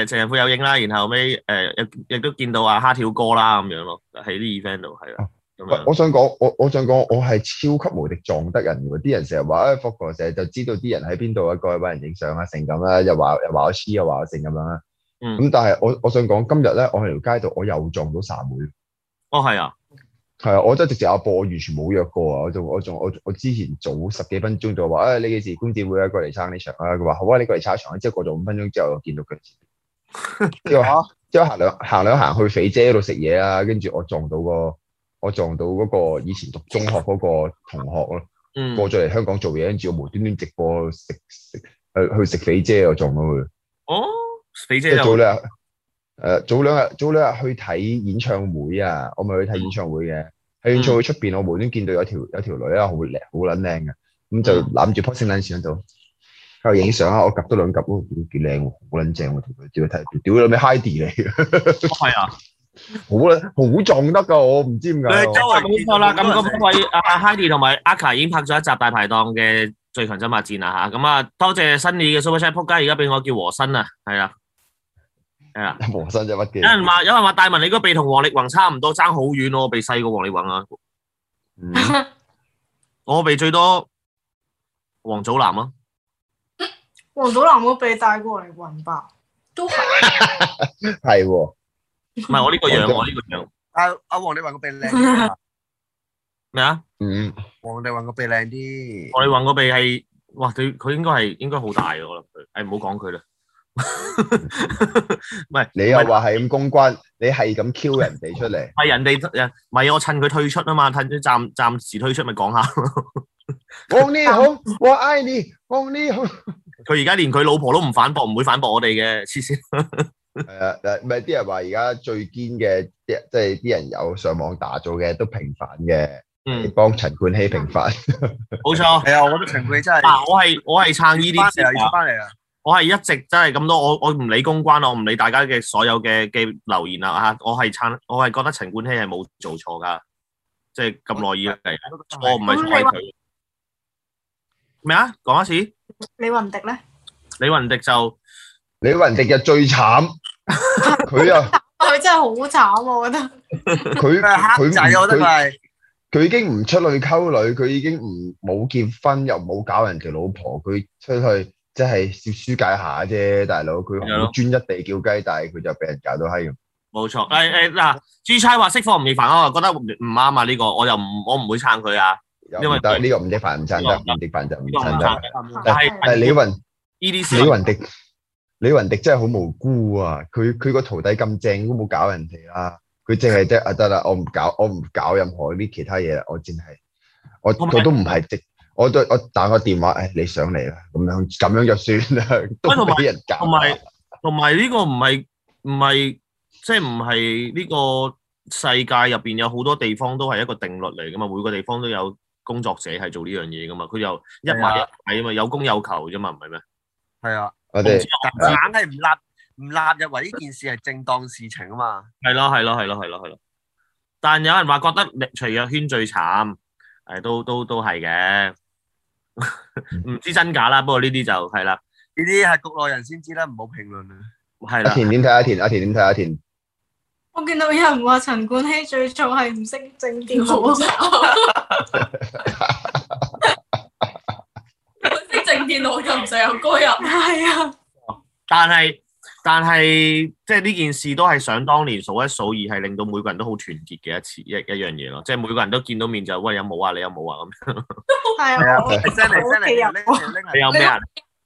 誒，陳富有影啦，然後尾，誒、呃、亦、呃、亦都見到阿蝦跳哥啦咁樣咯，喺啲 event 度係啦。我想講，我我想講，我係超級無敵撞得人的。啲人成日話，誒 Facebook 成日就知道啲人喺邊度啊，過去搵人影相啊，成咁啦，又話又話我黐又話我成咁樣啦。咁但係我我想講，今日咧，我喺條街度，我又撞到傻妹。哦，係啊，係啊，我真係直接阿波，我完全冇約過啊。我仲我仲我我之前早十幾分鐘就話，誒、哎，你幾時觀展會啊？過嚟撐呢場啊？佢話好啊，你過嚟撐場啊。之後過咗五分鐘之後，我見到佢。之後吓，之後行兩行兩行去肥姐度食嘢啊，跟住、啊、我撞到個。我撞到嗰個以前讀中學嗰個同學咯，過咗嚟香港做嘢，跟住我無端端直播食食，去去食肥姐，我撞到佢。哦，肥姐早兩日，誒早兩日，早兩日去睇演唱會啊！我咪去睇演唱會嘅，喺演、嗯、唱會出邊，我無端見到有條有條女、嗯哦、啊，好靚，好撚靚啊。咁就攬住棵聖櫻樹喺度喺度影相啊！我 𥄫 多兩 𥄫 都幾靚，好撚正，我條女屌睇，屌你咪 high 啲嚟嘅。係啊。好咧，好重得噶，我唔知點解。你周圍冇錯啦，咁多錯位阿 Heidi 同埋 Aka 已經拍咗一集大排檔嘅最強芝麻戰啦吓，咁啊多謝新意嘅 Super Star 仆街，而家俾我叫和珅啊，係啦，係啊，和珅芝乜機。有人話，有人話，大文你個鼻同王力宏差唔多，爭好遠，我鼻細過王力宏啊。嗯、 我鼻最多王祖藍咯、啊。王祖藍個鼻帶過嚟混吧，都係。係、 哦。唔係我呢個樣，王我呢個樣。阿阿王，你話個鼻靚咩啊？嗯。王你話個鼻靚啲。我哋話個鼻係，哇！佢佢應該係應該好大嘅，我諗佢。誒、哎，唔好講佢啦。唔 係是你又話係咁公關，是你係咁 Q 人哋出嚟。係人哋唔係我趁佢退出啊嘛，趁佢暫暫時退出咪講下。我 你好，我愛你，我你好。佢而家連佢老婆都唔反駁，唔會反駁我哋嘅，黐線。係啊，誒，唔係啲人話而家最堅嘅，即係啲人有上網打造嘅，都平反嘅，幫陳冠希平反。冇錯，係啊，我覺得陳冠希真係。嗱，我係我係撐呢啲嘅。翻嚟啊，我係一直真係咁多，我我唔理公關啦，我唔理大家嘅所有嘅嘅留言啦吓，我係撐，我係覺得陳冠希係冇做錯噶，即係咁耐以嚟，我唔係中意佢。咩啊？講一次。李雲迪咧？李雲迪就李雲迪就最慘。佢啊，佢 呀 真係好慘。我覺得佢佢佢佢已經唔出去溝女，佢已經唔冇結婚又冇搞人哋老婆，佢出去即係少舒解下啫，大佬。佢好專一地叫雞，但係佢就俾人搞到閪咁。冇錯，嗱、哎，朱差話釋放吳亦凡，我啊覺得唔啱啊，呢、這個我又唔我唔會撐佢啊，因為呢、這個吳亦凡唔撐得，吳亦凡就唔撐得。但係但係李雲，李雲些迪。李雲迪真係好無辜啊！佢佢個徒弟咁正都冇搞人哋啊！佢淨係得啊得啦，我唔搞，我唔搞任何嗰啲其他嘢啦，我淨係且我佢都唔係直，我都我打個電話誒、哎，你上嚟啦咁樣咁樣，就算啦，都唔俾人搞。同埋同埋呢個唔係唔係即係唔係呢個世界入邊有好多地方都係一個定律嚟噶嘛，每個地方都有工作者係做呢樣嘢噶嘛，佢又一買一買啊嘛，的有供有求啫嘛，唔係咩？係啊。硬係唔立唔立入為呢件事係正當事情啊嘛，係咯係咯係咯係咯係咯，但有人話覺得除咗圈最慘，誒都都都係嘅，唔知真假啦。不過呢啲就係啦，呢啲係局內人先知啦，唔好評論啦。係啦，阿田點睇下田？阿田點睇下田？我見到有人話陳冠希最早係唔識正調好。見到我就唔使有歌入，係啊。但係但係，即係呢件事都係想當年數一數二，係令到每個人都好團結嘅一次一一樣嘢咯。即係每個人都見到面就喂有冇啊，你有冇啊咁。係啊。真係真係，你有咩人？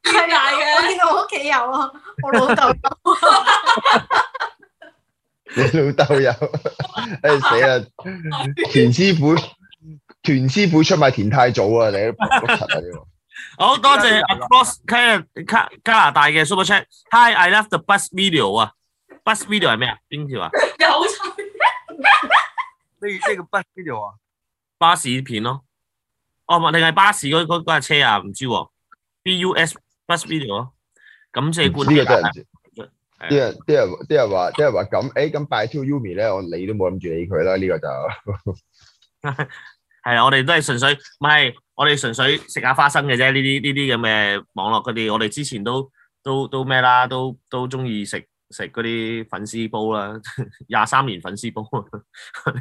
太大嘅見到屋企有啊，啊 我老豆 有你老豆爸有？ 哎死啦！田師傅，田師傅出賣田太祖啊！你喺度碌柒啊！你。好多謝 Across 加加加拿大嘅 super chat，Hi，I love the bus video 啊，bus video 係咩啊？邊條啊？你好蠢！你呢個 bus video 啊？巴士片咯，哦唔定係巴士嗰嗰嗰架車啊？唔知喎，bus bus video 咯。感謝觀眾。呢個真係唔知。啲人啲人啲人話，啲人話咁，誒咁 by two Umi 咧，我理都冇諗住理佢啦，呢個就係啊，我哋都係純粹唔係。我哋純粹食下花生嘅啫，呢啲呢啲咁嘅網絡嗰啲，我哋之前都都都咩啦，都都中意食食嗰啲粉絲煲啦，廿三年粉絲煲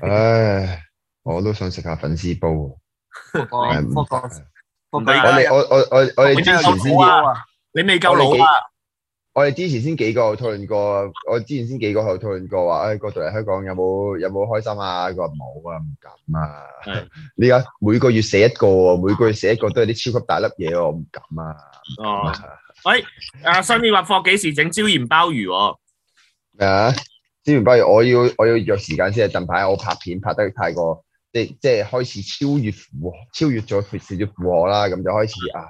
唉，我都想食下粉絲煲啊！我我我我我哋之前先要，你未夠老啊！我哋之前先幾個去討論過，我之前先幾個去討論過話，哎，嗰度嚟香港有冇有冇開心啊？佢話冇啊，唔敢啊。你而家每個月寫一個，每個月寫一個都係啲超級大粒嘢，我唔敢啊。敢啊哦，喂、哎，阿新呢話放幾時整椒鹽鮑魚喎？啊？椒鹽鮑魚，我要我要約時間先啊。近排我拍片拍得太過，即即係開始超越，超越咗越線越負荷啦，咁就開始啊。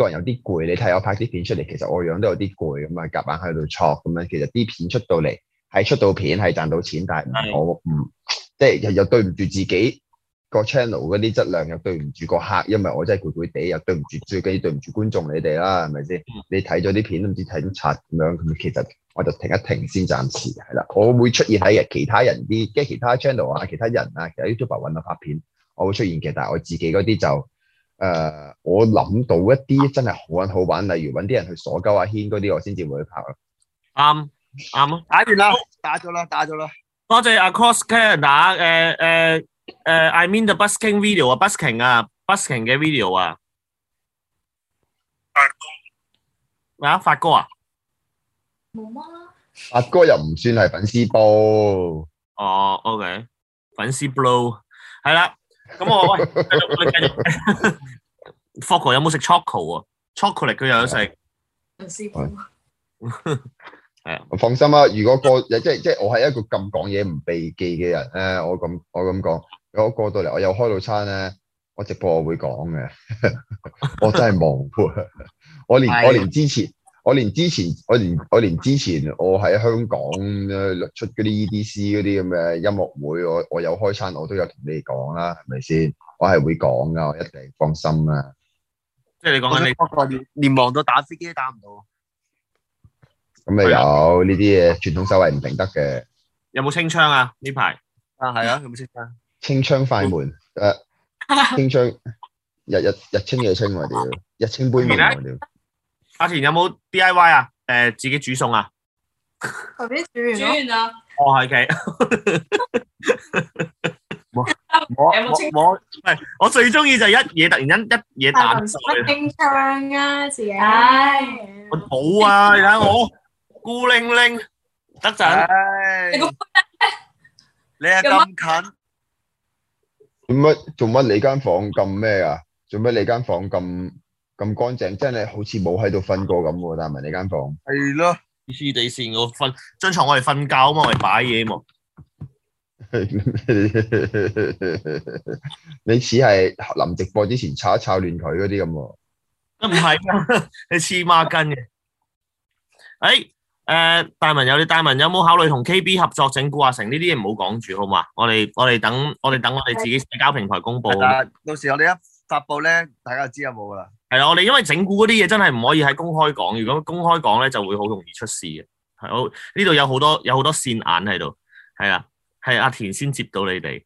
個人有啲攰，你睇我拍啲片出嚟，其實我樣都有啲攰咁啊，夾硬喺度坐咁樣，其實啲片出到嚟係出到片，係賺到錢，但係唔係我唔即係又又對唔住自己個 channel 嗰啲質量，又對唔住個客，因為我真係攰攰地，又對唔住最緊要對唔住觀眾你哋啦，係咪先？嗯、你睇咗啲片都唔知睇到柒咁樣，咁其實我就停一停先，暫時係啦。我會出現喺其他人啲，即係其他 channel 啊，其他人啊，其實 YouTube 揾我拍片，我會出現嘅，但係我自己嗰啲就。誒，uh, 我諗到一啲真係好玩好玩，例如搵啲人去鎖鳩阿軒嗰啲，我先至會去拍咯。啱啱咯，打咗啦，打咗啦，打咗啦。多謝阿 Cross Canada 誒誒誒，I mean the busking video busking 啊，busking 啊，busking 嘅 video 啊。阿、啊、發哥啊？冇啊。發哥、啊啊、發哥又唔算係粉絲煲。哦、oh，OK，粉絲 blow 係啦。咁 我喂，繼續繼續。Focal 有冇食 chocolate 啊？chocolate 佢又有食。師傅、啊，係、嗯嗯、 啊。放心啦、啊，如果過即即我係一個咁講嘢唔避忌嘅人，誒，我咁我咁講，如果過到嚟我又開到餐咧，我直播我會講嘅。 我真係忙我連、哎、呀我連之前。我連之前，我連我連之前，我喺香港出嗰啲 EDC 嗰啲咁嘅音樂會，我我有開餐，我都有同你講啦，係咪先？我係會講噶，我一定放心啦。即係你講緊你，不過連忙到打飛機都打唔到。咁啊有呢啲嘢傳統手藝唔定得嘅。有冇清槍啊？呢排啊係啊，有冇清槍？清槍快門，誒清槍日日日清夜清喎屌，日清杯麪喎屌。阿田有冇 D.I.Y. 啊？誒，自己煮餸啊？頭先煮完，煮完啦。哦，係嘅。我我唔係，我最中意就係一嘢突然間一嘢彈碎。我唱啊自己。我好啊！你睇我孤零零。得滯。你個你啊咁近？做乜做乜？你間房咁咩啊？做乜你間房咁？咁乾淨，真係好似冇喺度瞓過咁喎，大文你間房係啦，黐的地線，我瞓張床，我哋瞓覺啊嘛，我哋擺嘢啊嘛，你似係臨直播之前炒一炒亂佢嗰啲咁啊？唔係 你黐孖筋嘅。誒、哎、誒、呃，大文有你，大文有冇考慮同 KB 合作整蠱阿城呢啲嘢？唔好講住好嘛？我哋我哋等，等我哋等我哋自己社交平台公布的吧，到時我哋一發布咧，大家就知有冇啦。係啦，我哋因為整蠱嗰啲嘢,真係唔可以喺公開講，如果公開講咧就會好容易出事嘅。係好，呢度有好多有好多線眼喺度。係啊，係阿田先接到你哋。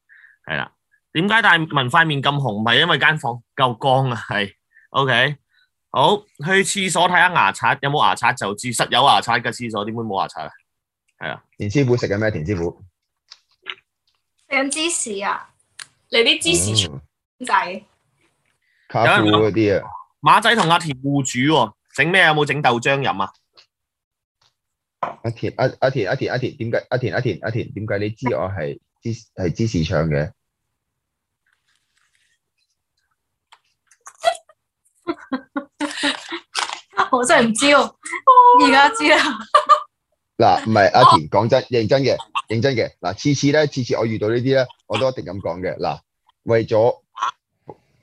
係啦，點解大文塊面咁紅？唔係因為間房夠光啊？係，OK。好，去廁所睇下牙刷有冇牙刷就知，室有牙刷嘅廁所點會冇牙刷啊？係啊，田師傅食緊咩？田師傅食芝士啊？你啲芝士仔卡士嗰啲啊？馬仔同阿田互煮，整咩？有冇整豆漿飲啊阿？阿田阿阿田阿田阿田，點解阿田阿田阿田點解你知我係芝係芝士唱嘅？我真係唔知哦，而家知啦。嗱，唔係阿田，講 真認 我真嘅，認真嘅。嗱，次次咧，次次我遇到呢啲咧，我都一定咁講嘅。嗱，為咗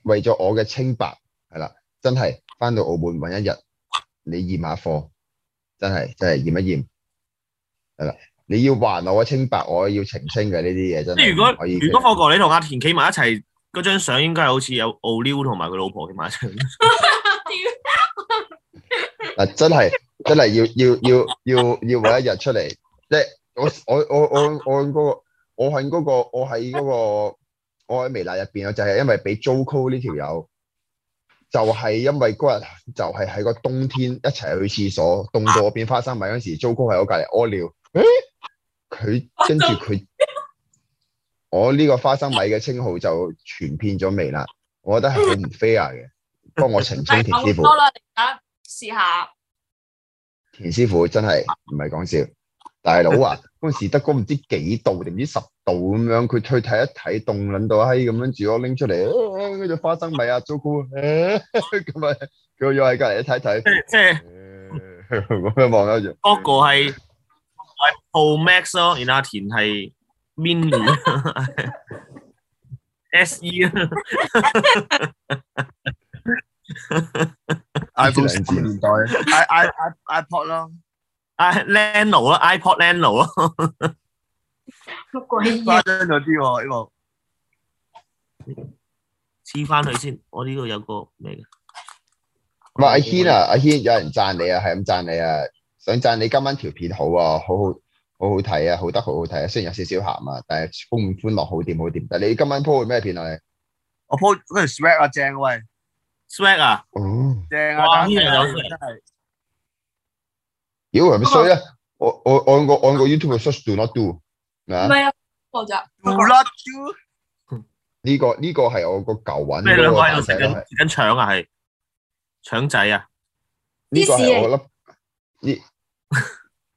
為咗我嘅清白。真係翻到澳門揾一日，你驗下貨，真係真係驗一驗，係啦。你要還我清白，我要澄清嘅呢啲嘢真， 真，真。即係如果如果我講，你同阿田企埋一齊，嗰張相應該係好似有奧利奧同埋佢老婆企埋一齊。真係真係要要要要要揾一日出嚟，即係我我、嗰個、我、嗰個、我喺、嗰個、我喺、嗰個我喺嗰個我喺嗰個我喺微辣入邊啊，就係、是、因為俾 JoCo 呢條友。就係因為嗰日就係喺個冬天一齊去廁所，凍到變花生米嗰時，糟糕喺我隔離屙尿，誒佢跟住佢，我呢個花生米嘅稱號就傳遍咗未啦？我覺得係好唔 fair 嘅，幫我澄清田師傅。好啦，而家試下田師傅真係唔係講笑，大佬啊！嗰陣時德哥唔知幾度，定唔知十度咁樣，佢退睇一睇，凍撚到閪咁樣住咯，拎出嚟，嗰隻花生米啊，Google，咁咪佢又喺隔離一睇睇，即即我望下佢。Google 係 Pro Max 咯，然後阿田係 mini，SE，iPhone 二代，i i iPod 咯。i Leno 啊，iPod Leno 啊，乜鬼嘢？誇張咗啲喎呢個，黐翻去先。我呢度有個咩嘅？喂，阿軒啊，阿、啊、軒、啊、有人讚你啊，係咁讚你啊，想讚你今晚條片好啊，好好好好睇啊，好得好好睇啊，雖然有少少鹹啊，但係歡唔歡樂，好掂好掂。但你今晚 po 咩片啊？你我 po 嗰條、欸、swag 啊，正喂 swag 啊，正啊，真係。妖係咪衰啊？我我按個按個 YouTube 嘅 search do not do，唔係啊，我就 do not do 呢個呢個係我個舊揾，你兩個喺度食緊食緊腸啊係腸仔啊？呢個係我粒呢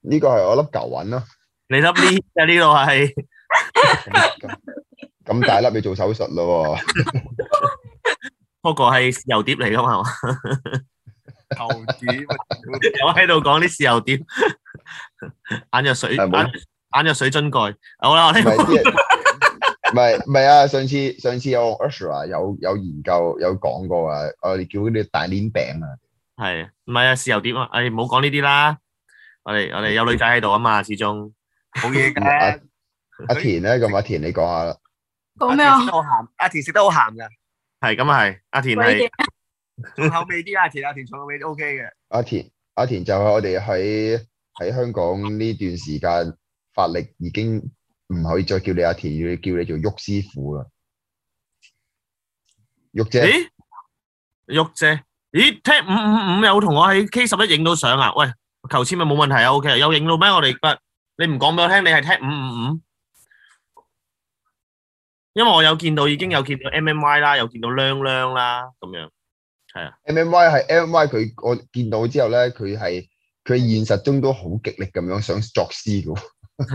呢個係我粒舊揾咯。你粒呢？即係呢個係咁大粒你做手術咯？嗰個係油碟嚟噶嘛？油點？我喺度講啲豉油點？眼藥水眼眼藥水樽蓋。好啦，唔係唔係啊！上次上次我阿 Sir 話有有研究有講過啊，我哋叫嗰啲大鏈餅啊。係，唔係啊豉油點啊？哎，唔好講呢啲啦。我哋我哋有女仔喺度啊嘛，始終冇嘢噶。阿田咧，咁阿田你講下啦。講咩啊？食得好鹹。阿田食得好鹹噶。係，咁啊係。阿田你。仲後尾啲阿田，阿田，重後尾都 OK 嘅。阿田阿田就係我哋喺喺香港呢段時間發力，已經唔可以再叫你阿田，要叫你做旭師傅啦。旭姐，旭姐，咦？聽五五五有同我喺 K 十一影到相啊？喂，頭先咪冇問題啊？OK，有影到咩？我哋不，你唔講俾我聽，你係聽五五五，因為我有見到，已經有見到 MMY 啦，有見到亮亮啦，咁樣。係啊，M M Y 係 M M Y 佢，我見到之後咧，佢係佢現實中都好極力咁樣想作詩嘅，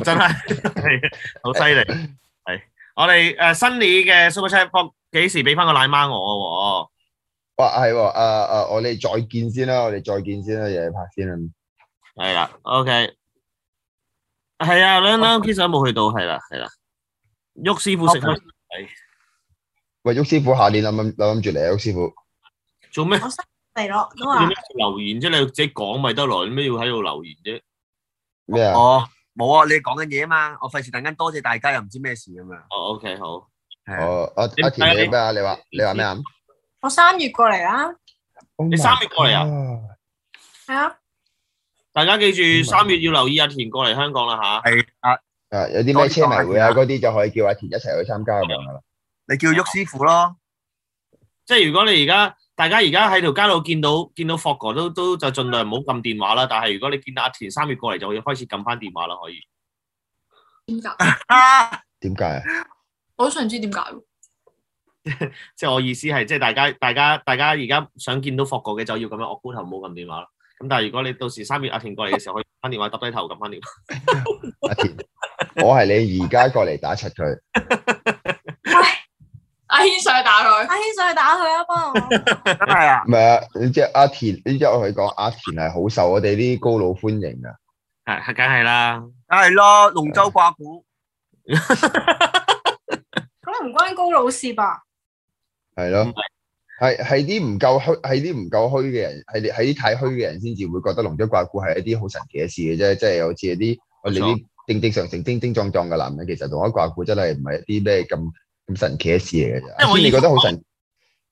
真係的，係 害，好犀利。係、啊，我哋誒、uh, 新年嘅 Super Chat 放幾時俾翻個奶媽我？哇、啊，係、啊，誒、啊、誒，我哋再見先啦，我哋再見先啦，又去拍先啦。係啦、啊、，OK，係啊 l o n d o 其實冇去到，係啦 Okay.、啊，係啦、啊，郁師傅食開，喂，郁師傅下年諗諗諗住嚟，郁師傅。做咩？我新嚟咯，都話。做咩留言啫？你自己講咪得咯，做咩要喺度留言啫？咩啊？哦，冇啊，你講緊嘢啊嘛，我費事等緊多謝大家又唔知咩事咁樣。哦，OK，好。哦，阿阿田你咩啊？你話你話咩啊？我三月過嚟啊！你三月過嚟啊？係啊！大家記住，三月要留意阿田過嚟香港啦吓。係啊啊！有啲咩車迷會啊？嗰啲就可以叫阿田一齊去參加咁樣噶啦。你叫喐師傅咯，即係如果你而家。大家而家喺條街度見到見到霍哥都都就盡量唔好撳電話啦，但係如果你見到阿田三月過嚟，就要開始撳翻電話啦，可以點解？啊？點解？我都想知點解喎！即係 我意思係，即係大家大家大家而家想見到霍哥嘅就要咁樣，我光頭唔好撳電話啦。咁但係如果你到時三月阿田過嚟嘅時候，可以撳電話耷低頭撳翻電話。阿田，我係你而家過嚟打出佢。 阿軒上去打佢，阿軒上去打佢啊！幫我係啊，唔係啊，即係阿田，呢即係我哋講阿田係好受我哋啲高佬歡迎啊。係係梗係啦，梗係咯，龍舟掛鼓，咁唔關高佬事吧？係咯， 係係啲唔夠虛，係啲唔夠虛嘅人，係啲係啲太虛嘅人，先至會覺得龍舟掛鼓係一啲好神奇嘅事嘅啫，即係好似啲我哋啲正正常常、精精壯壯嘅男人，錯其實同我掛鼓真係唔係一啲咩咁。咁神奇嘅事嚟嘅啫，阿軒你覺得好神？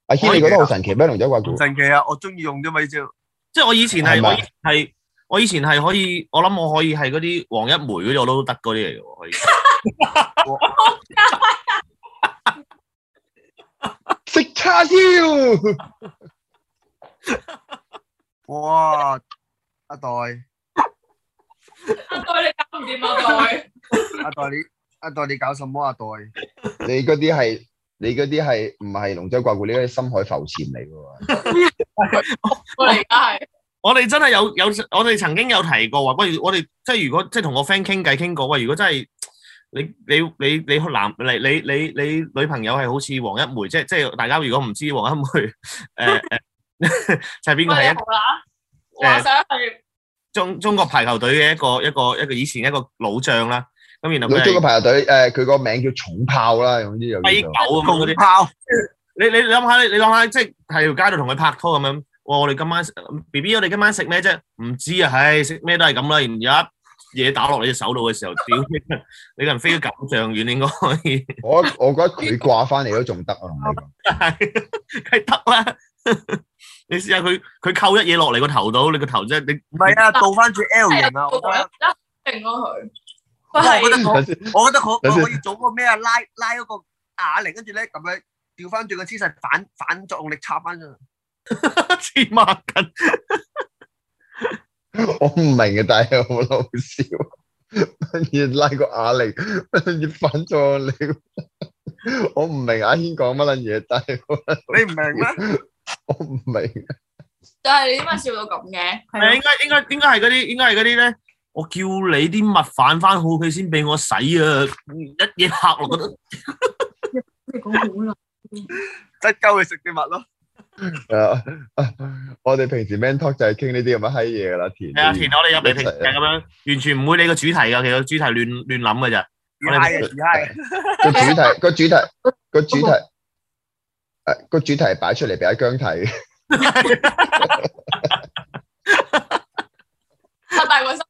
阿軒你覺得好神奇咩？龍仔話，神奇啊！我中意用啫咪照。即係我以前係我以係我以前係可以，我諗我可以係嗰啲黃一梅嗰啲，我都得嗰啲嚟嘅。食叉燒！哇！阿代！阿代，你搞唔掂阿代！阿代，你？阿代，你搞什麼？阿代，你嗰啲係你嗰啲係唔係龍舟刮鼓？你係深海浮潛嚟喎。我哋真係，我哋真係有有，我哋曾經有提過話，不如我哋即係如果即係同我 friend 傾偈傾過話，如果真係你你你你男你你你女朋友係好似王一梅，即係即係大家如果唔知道王一梅，誒、呃、誒， 就係邊個係啊？我想去中中國排球隊嘅一個一個一個，一個以前一個老將啦。咁然後佢追個排隊，誒、呃，佢個名叫重炮啦，總之又飛狗咁嗰啲炮。你你諗下，你諗下，即係喺條街度同佢拍拖咁樣。哇，我哋今晚 B B，我哋今晚食咩啫？唔知啊，係，食咩都係咁啦。而有一嘢打落你隻手度嘅時候，屌， 你個人飛咗九丈遠，應該可以。我我覺得佢掛翻嚟都仲得啊。但係得啦，你試下佢佢扣一嘢落嚟個頭度，你個頭即係你唔係啊，倒翻住 L 型啊，一定咯佢。我覺得我，我覺得可，我可以做嗰個咩啊？拉拉嗰個啞鈴，跟住咧咁樣調翻轉個姿勢，反反作用力插翻上。黐孖筋！我唔明啊，但係好好笑。要拉個啞鈴，要反作用力。我唔明阿軒講乜撚嘢，但係你唔明咩？我唔明。但係你點解笑到咁嘅？誒，應該應該應該係嗰啲，應該係嗰啲咧。我叫你啲物反翻好、啊 嗯，佢先俾我使啊！一嘢吓我，覺得，即係夠佢食啲物咯。我哋平時 man talk 就係傾呢啲咁嘅閪嘢噶啦，田。係啊，田，我哋有嚟平靜咁樣，完全唔會理你個主題噶，其實個主題亂亂諗噶咋。主個主題個主題個主題，誒，個主題擺、 啊、出嚟俾阿姜睇。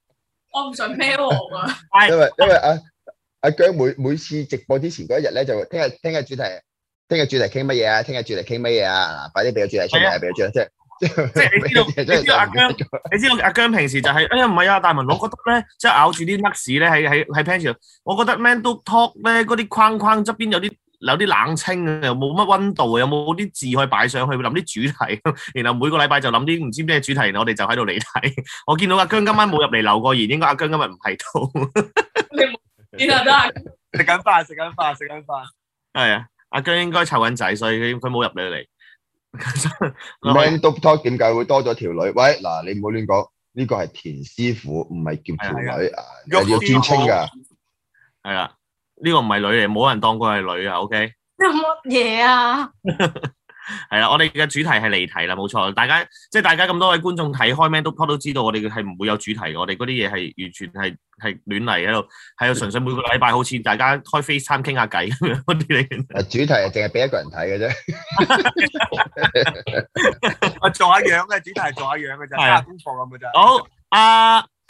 我唔想咩喎？因為因為阿阿姜每每次直播之前嗰一日咧，就聽日聽日主題，聽日主題傾乜嘢啊？聽日主題傾乜嘢啊？嗱，快啲俾個主題出嚟啊！俾個主題即係即係你知道，你知道阿姜，你知道阿姜平時就係哎呀唔係啊，大文，我覺得咧，即係咬住啲乜事咧，喺喺喺 panel，我覺得 Man Talk 咧，嗰啲框框側邊有啲。有啲冷清啊，又冇乜温度，又冇啲字可以擺上去，諗啲主題，然後每個禮拜就諗啲唔知咩主題，我哋就喺度嚟睇。我見到阿姜今晚冇入嚟留過言， 應該阿姜今日唔係到。 你然食緊飯，食緊飯，食緊飯。係啊， 阿姜應該湊緊仔，所以佢冇入嚟。Main t 點解會多咗條女？喂，嗱，你唔好亂講，呢個係田師傅，唔係叫條女啊， 對要尊稱噶。係啦。呢個唔係女嚟，冇人當佢係女啊！OK，做乜嘢啊？係啦， 我哋而家主題係離題啦，冇錯。大家即係大家咁多位觀眾睇開咩都都都知道，我哋係唔會有主題嘅。我哋嗰啲嘢係完全係係亂嚟喺度，係純粹每個禮拜好似大家開 FaceTime 傾下偈咁。我哋嚟，主題係淨係俾一個人睇嘅啫。我做下樣嘅主題係做下樣嘅啫，的好啊，工坊咁嘅啫。好啊。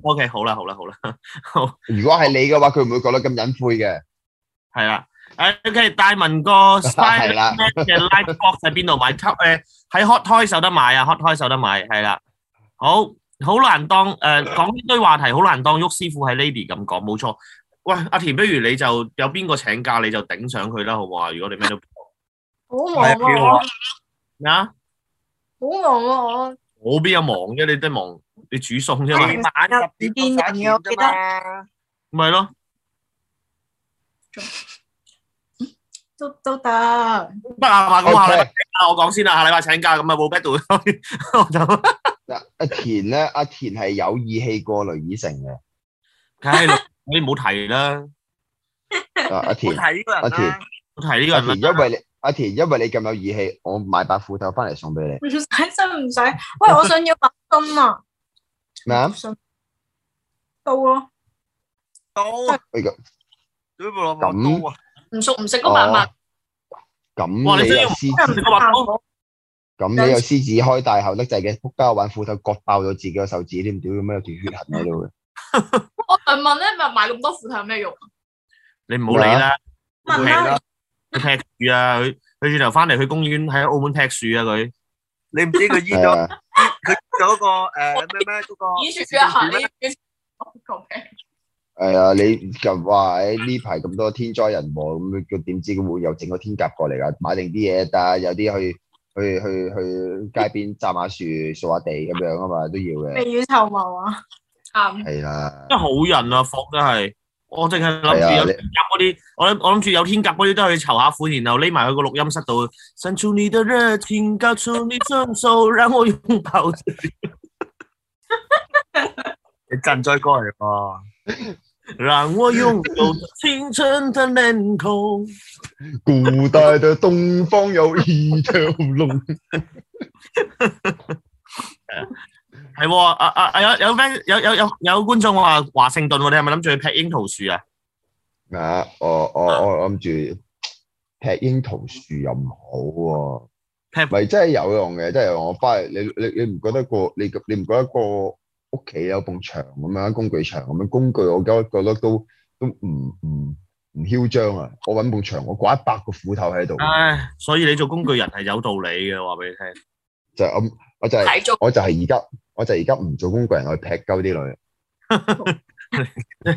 OK，好啦，好啦，好啦，好。如果係你嘅話，佢唔會，會覺得咁隱晦嘅。係啦，誒，OK，大文哥，係啦嘅 live box 喺邊度買？誒、呃，喺 Hot Toys 受得買啊，Hot Toys 受得買，係啦。好，好難當誒、呃，講呢堆話題好難當，當。郁師傅係 lady 咁講，冇錯。喂，阿田，不如你就有邊個請假，你就頂上佢啦，好唔好啊？如果你咩都好忙啊，哎、好忙啊！我我邊有忙啫，啊？你都忙。你煮餸啫嘛？嗯、見人我記得咪咯，都都得。阿阿 Okay. 我講先啦，下禮拜請假，咁 就啊冇乜道理。阿阿田咧，阿、啊、田係有義氣過雷以成嘅。唉， 你唔好提啦。阿阿、啊、田，阿、啊啊、田，我提呢個人、啊，因為你阿田，因為你咁、啊、有義氣，我買把斧頭翻嚟送俾你。唔使，真唔使。喂，我想要把針啊！ 咩啊？到咯，到。咁唔熟唔食嗰百萬。咁你獅子咁你又獅子開大口叻仔嘅撲街玩斧頭割爆咗自己個手指，點屌咁樣有條血痕喺度嘅。我問問咧，咪買咁多斧頭有咩用？你唔好理啦。問啦，劈樹啊！佢佢轉頭翻嚟去公園喺澳門劈樹啊！佢。你唔知佢醫咗，佢嗰個誒咩咩嗰個。係、呃、啊、 哎，你就話喺呢排咁多天災人禍，咁佢點知佢會有，有整個天甲過嚟啦？買定啲嘢，但係有啲去去去去街邊摘下樹掃下地咁樣啊嘛，都要嘅。未雨綢繆啊！啱、 嗯的！係啊！真係好人啊，服真係。我淨係諗住有天夾嗰啲，我我諗住有天夾嗰啲都可以籌下款，然後匿埋喺個錄音室度。伸出你嘅熱情，交出你雙手，讓我擁抱，哈哈！你陣再過嚟吧，讓我擁有青春的面孔。古代嘅東方有一條龍。 係，誒誒誒，有有 friend 有有有有觀眾話華盛頓，你係咪諗住去劈櫻桃樹啊？啊，我我我諗住劈櫻桃樹又唔好喎，劈咪真係有用嘅，即係我翻去，你你你唔覺得個你你唔覺得個屋企有埲牆咁樣工具牆咁樣工具，我覺覺得都都唔唔唔囂張啊！我揾埲牆，我掛一百個斧頭喺度。唉，所以你做工具人係有道理嘅，話俾你聽。就諗，我就係我就係而家。我就而家唔做工具人，我去劈鳩啲女。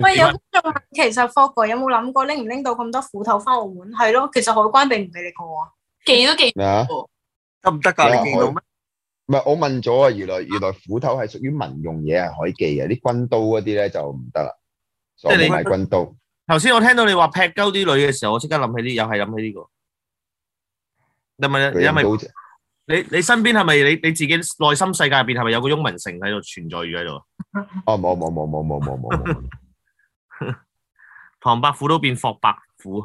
喂，有觀眾其實貨櫃有冇諗過拎唔拎到咁多斧頭翻澳門？係咯，其實海關定唔俾你過啊，寄都寄唔到，又唔得噶，你寄到咩？唔係我問咗啊，原來原來斧頭係屬於民用嘢啊，海寄啊，啲軍刀嗰啲咧就唔得啦。即係你買軍刀。頭先我聽到你話劈鳩啲女嘅時候，我即刻諗起啲，又係諗起呢個。咁咪，因為。你你身邊係咪你你自己內心世界入邊係咪有個翁民城喺度存在住喺度？哦、啊，冇冇冇冇冇冇冇， 唐伯虎都變霍伯虎，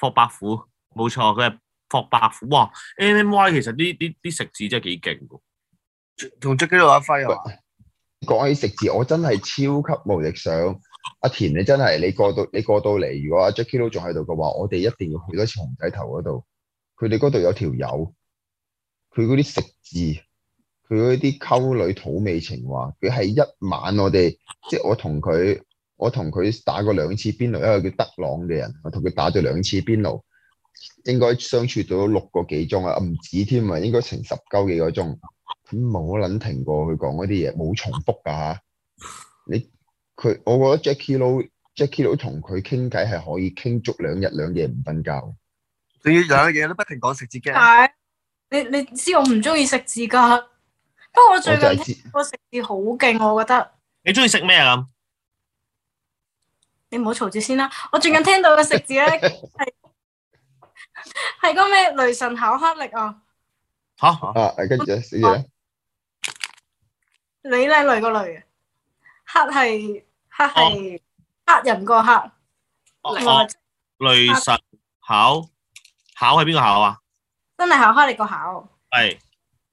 霍伯虎冇錯，佢係霍伯虎。哇，M M Y 其實呢呢啲食字真係幾勁。同 Jacky Lau 一輝啊！講起食字，我真係超級無力想。想阿田，你真係你過到你過到嚟。如果阿 Jacky Lau 仲喺度嘅話，我哋一定要去多次紅仔頭嗰度。佢哋嗰度有條友。佢嗰啲食字，佢嗰啲溝女土味情話，佢係一晚我哋，即係我同佢，我同佢打過兩次邊爐，一個叫德朗嘅人，我同佢打咗兩次邊爐，應該相處到六個幾鐘啊，唔止添啊，應該成十九幾個鐘，冇撚停過講，佢講嗰啲嘢冇重複噶吓，你佢，我覺得 Jacky Low，Jacky Low 同佢傾偈係可以傾足兩日兩夜唔瞓覺，佢兩日嘢都不停講食字嘅。你你知我唔中意食字噶，不過我最近我食字好勁，我覺得。你中意食咩啊？你唔好嘈住先啦！我最近聽到嘅食字咧，係係個咩？雷神巧克力啊！好啊，我啊，跟住呢？跟住死嘢你咧雷個雷，黑係黑係黑人個黑。雷神巧巧係邊個巧啊？真係吓開你個口，係是，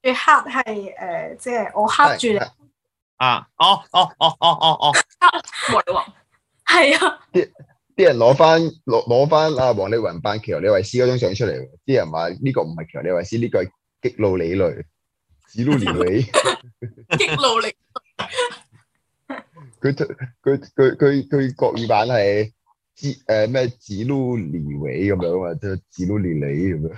住黑係誒、呃，即係我黑住你。啊，哦，哦，哦，哦，黑哦，哦，係啊。啲啲人攞翻攞攞翻阿王力宏扮奇洛李維斯嗰張相出嚟，啲人話呢個唔係奇洛李維斯，呢、這個係激怒李雷，指擼李雷。 激怒你。佢佢佢佢佢國語版係誒咩指擼李偉咁樣啊，即係指擼李李咁樣。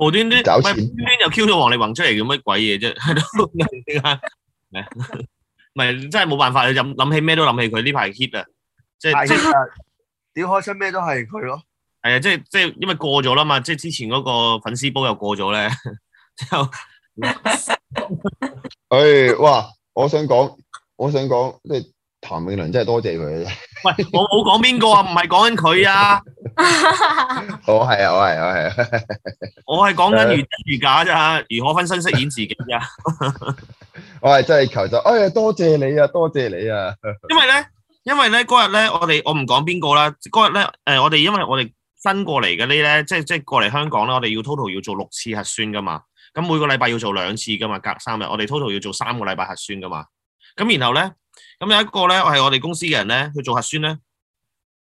無端端端又 Q 到王力宏出嚟，叫乜鬼嘢啫？係 咯，點解？係真係冇辦法，你諗諗起咩都諗起佢呢排 hit 啊！即係即係，點 開出咩都係佢咯。係啊，即係即係，因為過咗啦嘛，即係之前嗰個粉絲煲又過咗咧。就， 哎，哇！我想講，我想講，你。譚詠麟真係多謝佢 喂，我冇講邊個啊，唔係講緊佢啊。我係啊，我係我係，我係講緊真與假啫吓，如何分身飾演自己啊？ 我係真係求實，哎呀，多謝你啊，多謝你啊！ 因為咧，因為咧嗰日咧，我哋我唔講邊個啦。嗰日咧，誒，我哋、啊、因為我哋新過嚟嘅呢咧，即係即係過嚟香港啦，我哋要 total 要做六次核酸噶嘛，咁每個禮拜要做兩次噶嘛，隔三日，我哋 total 要做三個禮拜核酸噶嘛，咁然後咧。咁有一個咧，係我哋公司嘅人咧，去做核酸咧，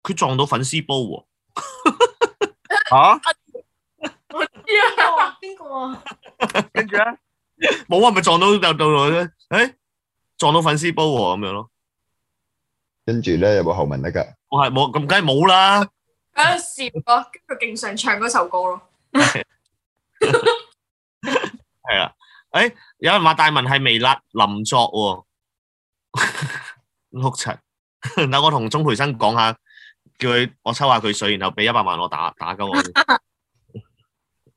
佢撞到粉絲煲喎。嚇？邊個？邊個啊？跟住咧，冇啊，咪撞到就到咗咧。誒，撞到粉絲煲喎，咁樣咯。跟住咧，有冇後文得㗎？我係冇，咁梗係冇啦。喺度笑咯，跟住佢勁想唱嗰首歌咯。係啊，誒，有人話大文係微辣林作喎。碌柒，嗱 六層 我同鍾培生講下，叫佢我抽下佢水，然後俾一百萬我打，打鳩我。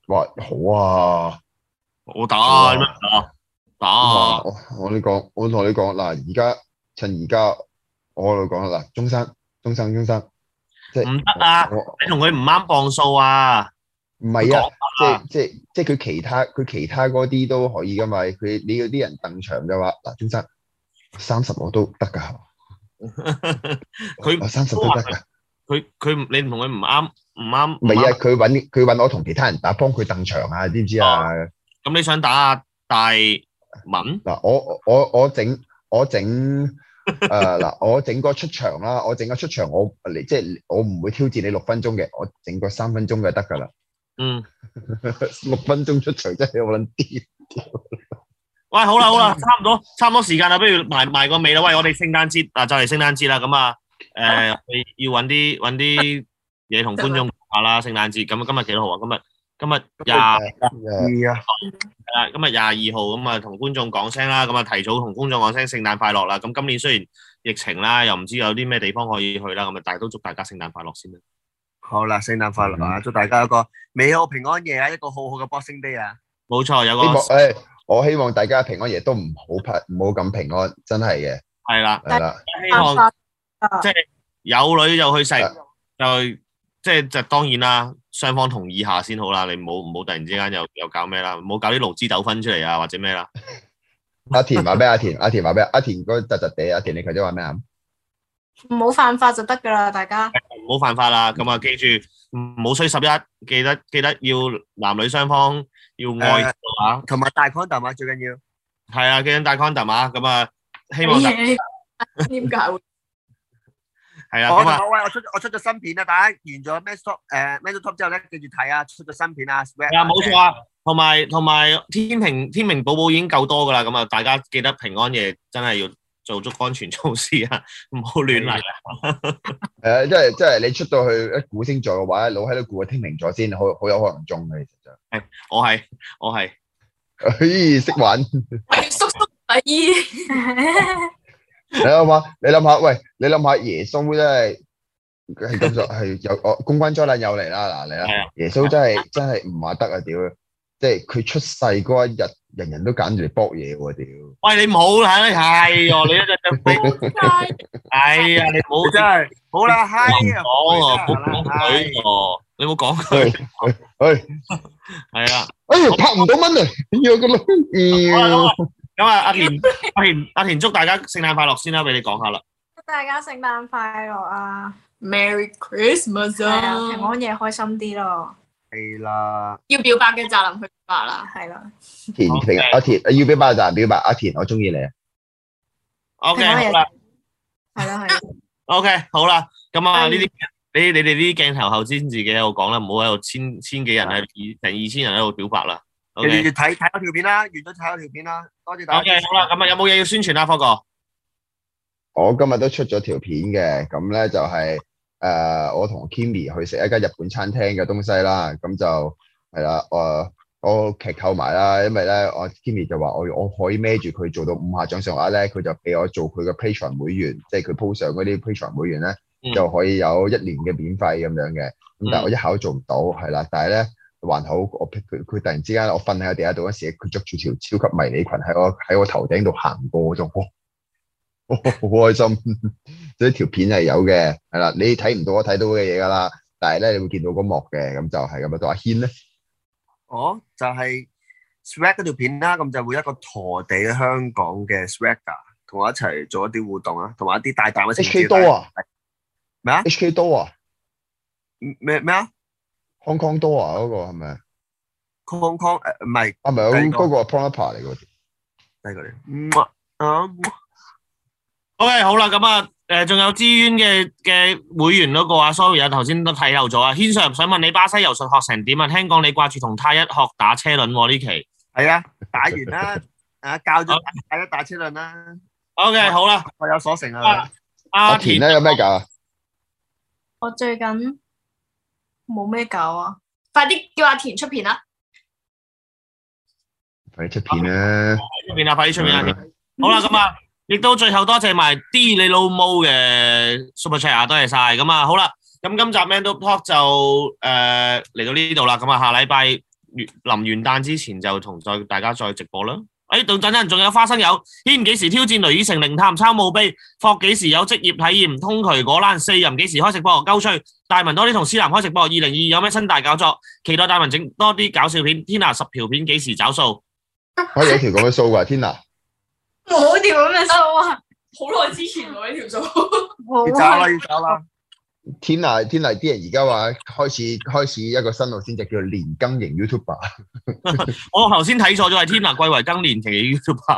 話好啊，我打好啊打，打啊，我你講，我同你講嗱，而家趁而家我嚟講啦，嗱，鍾生，鍾生，鍾生，即係唔得啊，我你同佢唔啱磅數啊，唔係啊，即即即佢其他佢其他嗰啲都可以噶嘛，佢你有啲人登場嘅話，嗱，鍾生。三十我都得噶，佢三十都得噶，佢佢你唔同佢唔啱唔啱？唔係啊，佢揾佢揾我同其他人打，幫佢登場啊，知唔知啊？咁、哦、你想打大文嗱，我我我整我整誒嗱，我整、 呃、個出場啦，我整個出場我你即係我唔會挑戰你六分鐘嘅，我整個三分鐘就得噶啦。嗯，六分鐘出場真係我捻癲。喂，好啦，好啦，差唔多，差唔多時間啦，不如埋埋個尾啦。喂，我哋聖誕節啊，就嚟聖誕節啦，咁啊，誒，要揾啲揾啲嘢同觀眾講下啦，聖誕節。咁今日幾多號啊？今，今, 20, 今，今日今日廿二號，係啦，今日廿二號，咁啊，同觀眾講聲啦，咁啊，提早同觀眾講聲聖誕快樂啦。咁今年雖然疫情啦，又唔知有啲咩地方可以去啦，咁啊，但係都祝大家聖誕快樂先啦。好啦，聖誕快樂啊，嗯、祝大家一個美好平安夜啊，一個好好嘅 Boxing Day 啊。冇錯，有個誒我希望大家平安夜都唔好拍，唔好咁平安，真係嘅。係啦，係啦，希望即係有女就去食，就即係就當然啦，雙方同意下先好啦。你唔好突然之間又又搞咩啦？唔好搞啲勞資糾紛出嚟啊，或者咩啦？阿田話俾阿田，阿田話俾阿田嗰窒窒地，阿田你頭先話咩啊？唔好犯法就得噶啦，大家唔好犯法啦。咁啊，記住唔好衰十一，記得記得要男女雙方。要愛啊，同埋戴 condom 啊，最緊要係啊，記得戴 condom 啊，咁啊，希望係啊，我我出我出咗新片啦，大家完咗咩 top 誒咩 top 之後咧，記住睇啊，出咗新片啊，係啊，冇錯啊，同埋同埋天平天平寶寶已經夠多㗎喇，咁啊，大家記得平安夜真係要。做足安全措施啊！唔好亂嚟啊！誒，即係即係你出到去一估星座嘅話，老喺度估聽明咗先，好好有可能中嘅。其實，我係我係，阿姨識玩，叔叔阿姨，你諗下，你諗下，喂，你諗下，耶穌真係係咁就係有哦，公關災難又嚟啦！嗱，嚟啦，耶穌真係真係唔話得啊，屌！即係佢出世嗰一日，人人都揀住嚟博嘢喎，屌！喂，你唔好啦，係哦，你一隻只波街，哎呀你唔好真係，好啦閪啊！唔講喎，唔講佢喎，你唔好講佢，係啊！哎呀拍唔到蚊嚟，點樣噶咯？咁啊，咁啊，阿田，阿田，阿田，祝大家聖誕快樂先啦，俾你講下啦。祝大家聖誕快樂啊！Merry Christmas 啊！講嘢開心啲咯～係啦，要表白嘅責任去白啦，係啦。田平，阿田要表白嘅責任表白，阿田我中意你。O K 啦，係啦係 O K 好啦，咁啊呢啲你你哋呢啲鏡頭後先自己喺度講啦，唔好喺度千千幾人喺成二千人喺度表白啦。你哋睇睇嗰條片啦，完咗睇嗰條片啦。多謝大家。好啦，咁啊有冇嘢要宣傳啊？科哥，我今日都出咗條片嘅，咁咧就係。誒、呃，我同 Kimmy 去食一間日本餐廳嘅東西啦，咁就係啦。誒，我劇透埋啦，因為咧，我 Kimmy 就話我我可以孭住佢做到五下掌上壓咧，佢就畀我做佢嘅 Patreon 會員，即係佢 post 上嗰啲 Patreon 會員咧，嗯、就可以有一年嘅免費咁樣嘅。咁但係我一口做唔到，係啦。但係咧，還好我佢佢突然之間，我瞓喺地下度嗰時，佢捉住條超級迷你裙喺我喺我頭頂度行過嗰種，好開心。哦哦 呢條片係有嘅，係啦，你睇唔到我睇到嘅嘢噶啦，但係咧你會見到個幕嘅，咁就係咁啊。杜阿軒咧，哦就係 Swag 嗰條片啦，咁就會一個陀地香港嘅 Swag 同我一齊做一啲互動啊，同埋一啲大膽嘅情。HK 多啊？咩啊？HK 多啊？咩咩啊？Hong Kong 多啊？嗰個係咪？Hong Kong 誒，唔係啊，唔係我嗰個 proper 嚟嗰啲。嚟嗰啲。嗯啊。OK，好啦，咁啊。誒，仲有資源嘅嘅會員嗰個啊，sorry 啊，頭先都睇漏咗啊。軒 Sir 想問你巴西游術學成點啊？聽講你掛住同太一學打車輪喎，呢期係啊，打完啦，啊教咗大家打車輪啦。OK，好啦，我有所成啊。阿田咧有咩搞？我最近冇咩搞啊，快啲叫阿田出片啊！快啲出片啦！出片啊！快啲出片啊！好啦，咁啊。亦都最後謝 charger，多謝埋 D 你老母嘅 Super Chat，多謝晒。咁啊！好啦，咁今集 Man Talk 就嚟、呃、到呢度啦，咁啊下禮拜完臨元旦之前就同再大家再直播啦。誒，等俊人仲有花生油，軒幾時挑戰雷雨成零探參無碑？霍幾時有職業體驗通渠果欄四人幾時開直播鳩吹？大文多啲同思南開直播，二零二二有咩新大搞作？期待大文整多啲搞笑片，天娜十條片幾時找數？可以有條咁嘅數㗎，天娜。冇條咁嘅數啊，好耐之前我呢條數。 你走啦，你走啦。天啊，天啊，啲人而家話開始開始一個新路先，就叫連更型 YouTuber。 我頭先睇錯咗，係天啊，貴為更年型 YouTuber。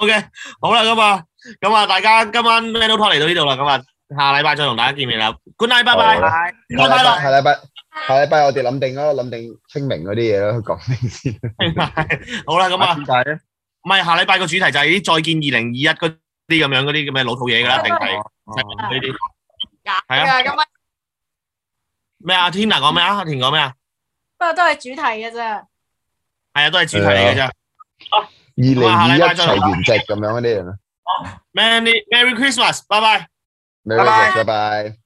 o、okay, K，好啦，咁啊，咁啊，大家今晚咩都拖嚟到呢度啦，咁啊，下禮拜再同大家見面啦，good night，拜拜啦，好 Bye.，拜拜，好，拜拜。下禮拜我哋諗定啦，諗定清明嗰啲嘢啦，講先。好啦，咁啊，唔係下禮拜個主題就係啲再見二零二一嗰啲咁樣嗰啲叫咩老套嘢噶啦，定係呢啲？係啊，咁啊，咩啊？Tina 講咩啊？田講咩啊？不過都係主題嘅啫。係啊，都係主題嚟嘅啫。二零二一齊完席咁樣嗰啲人啊。Many Merry Christmas，拜拜。拜拜，拜拜。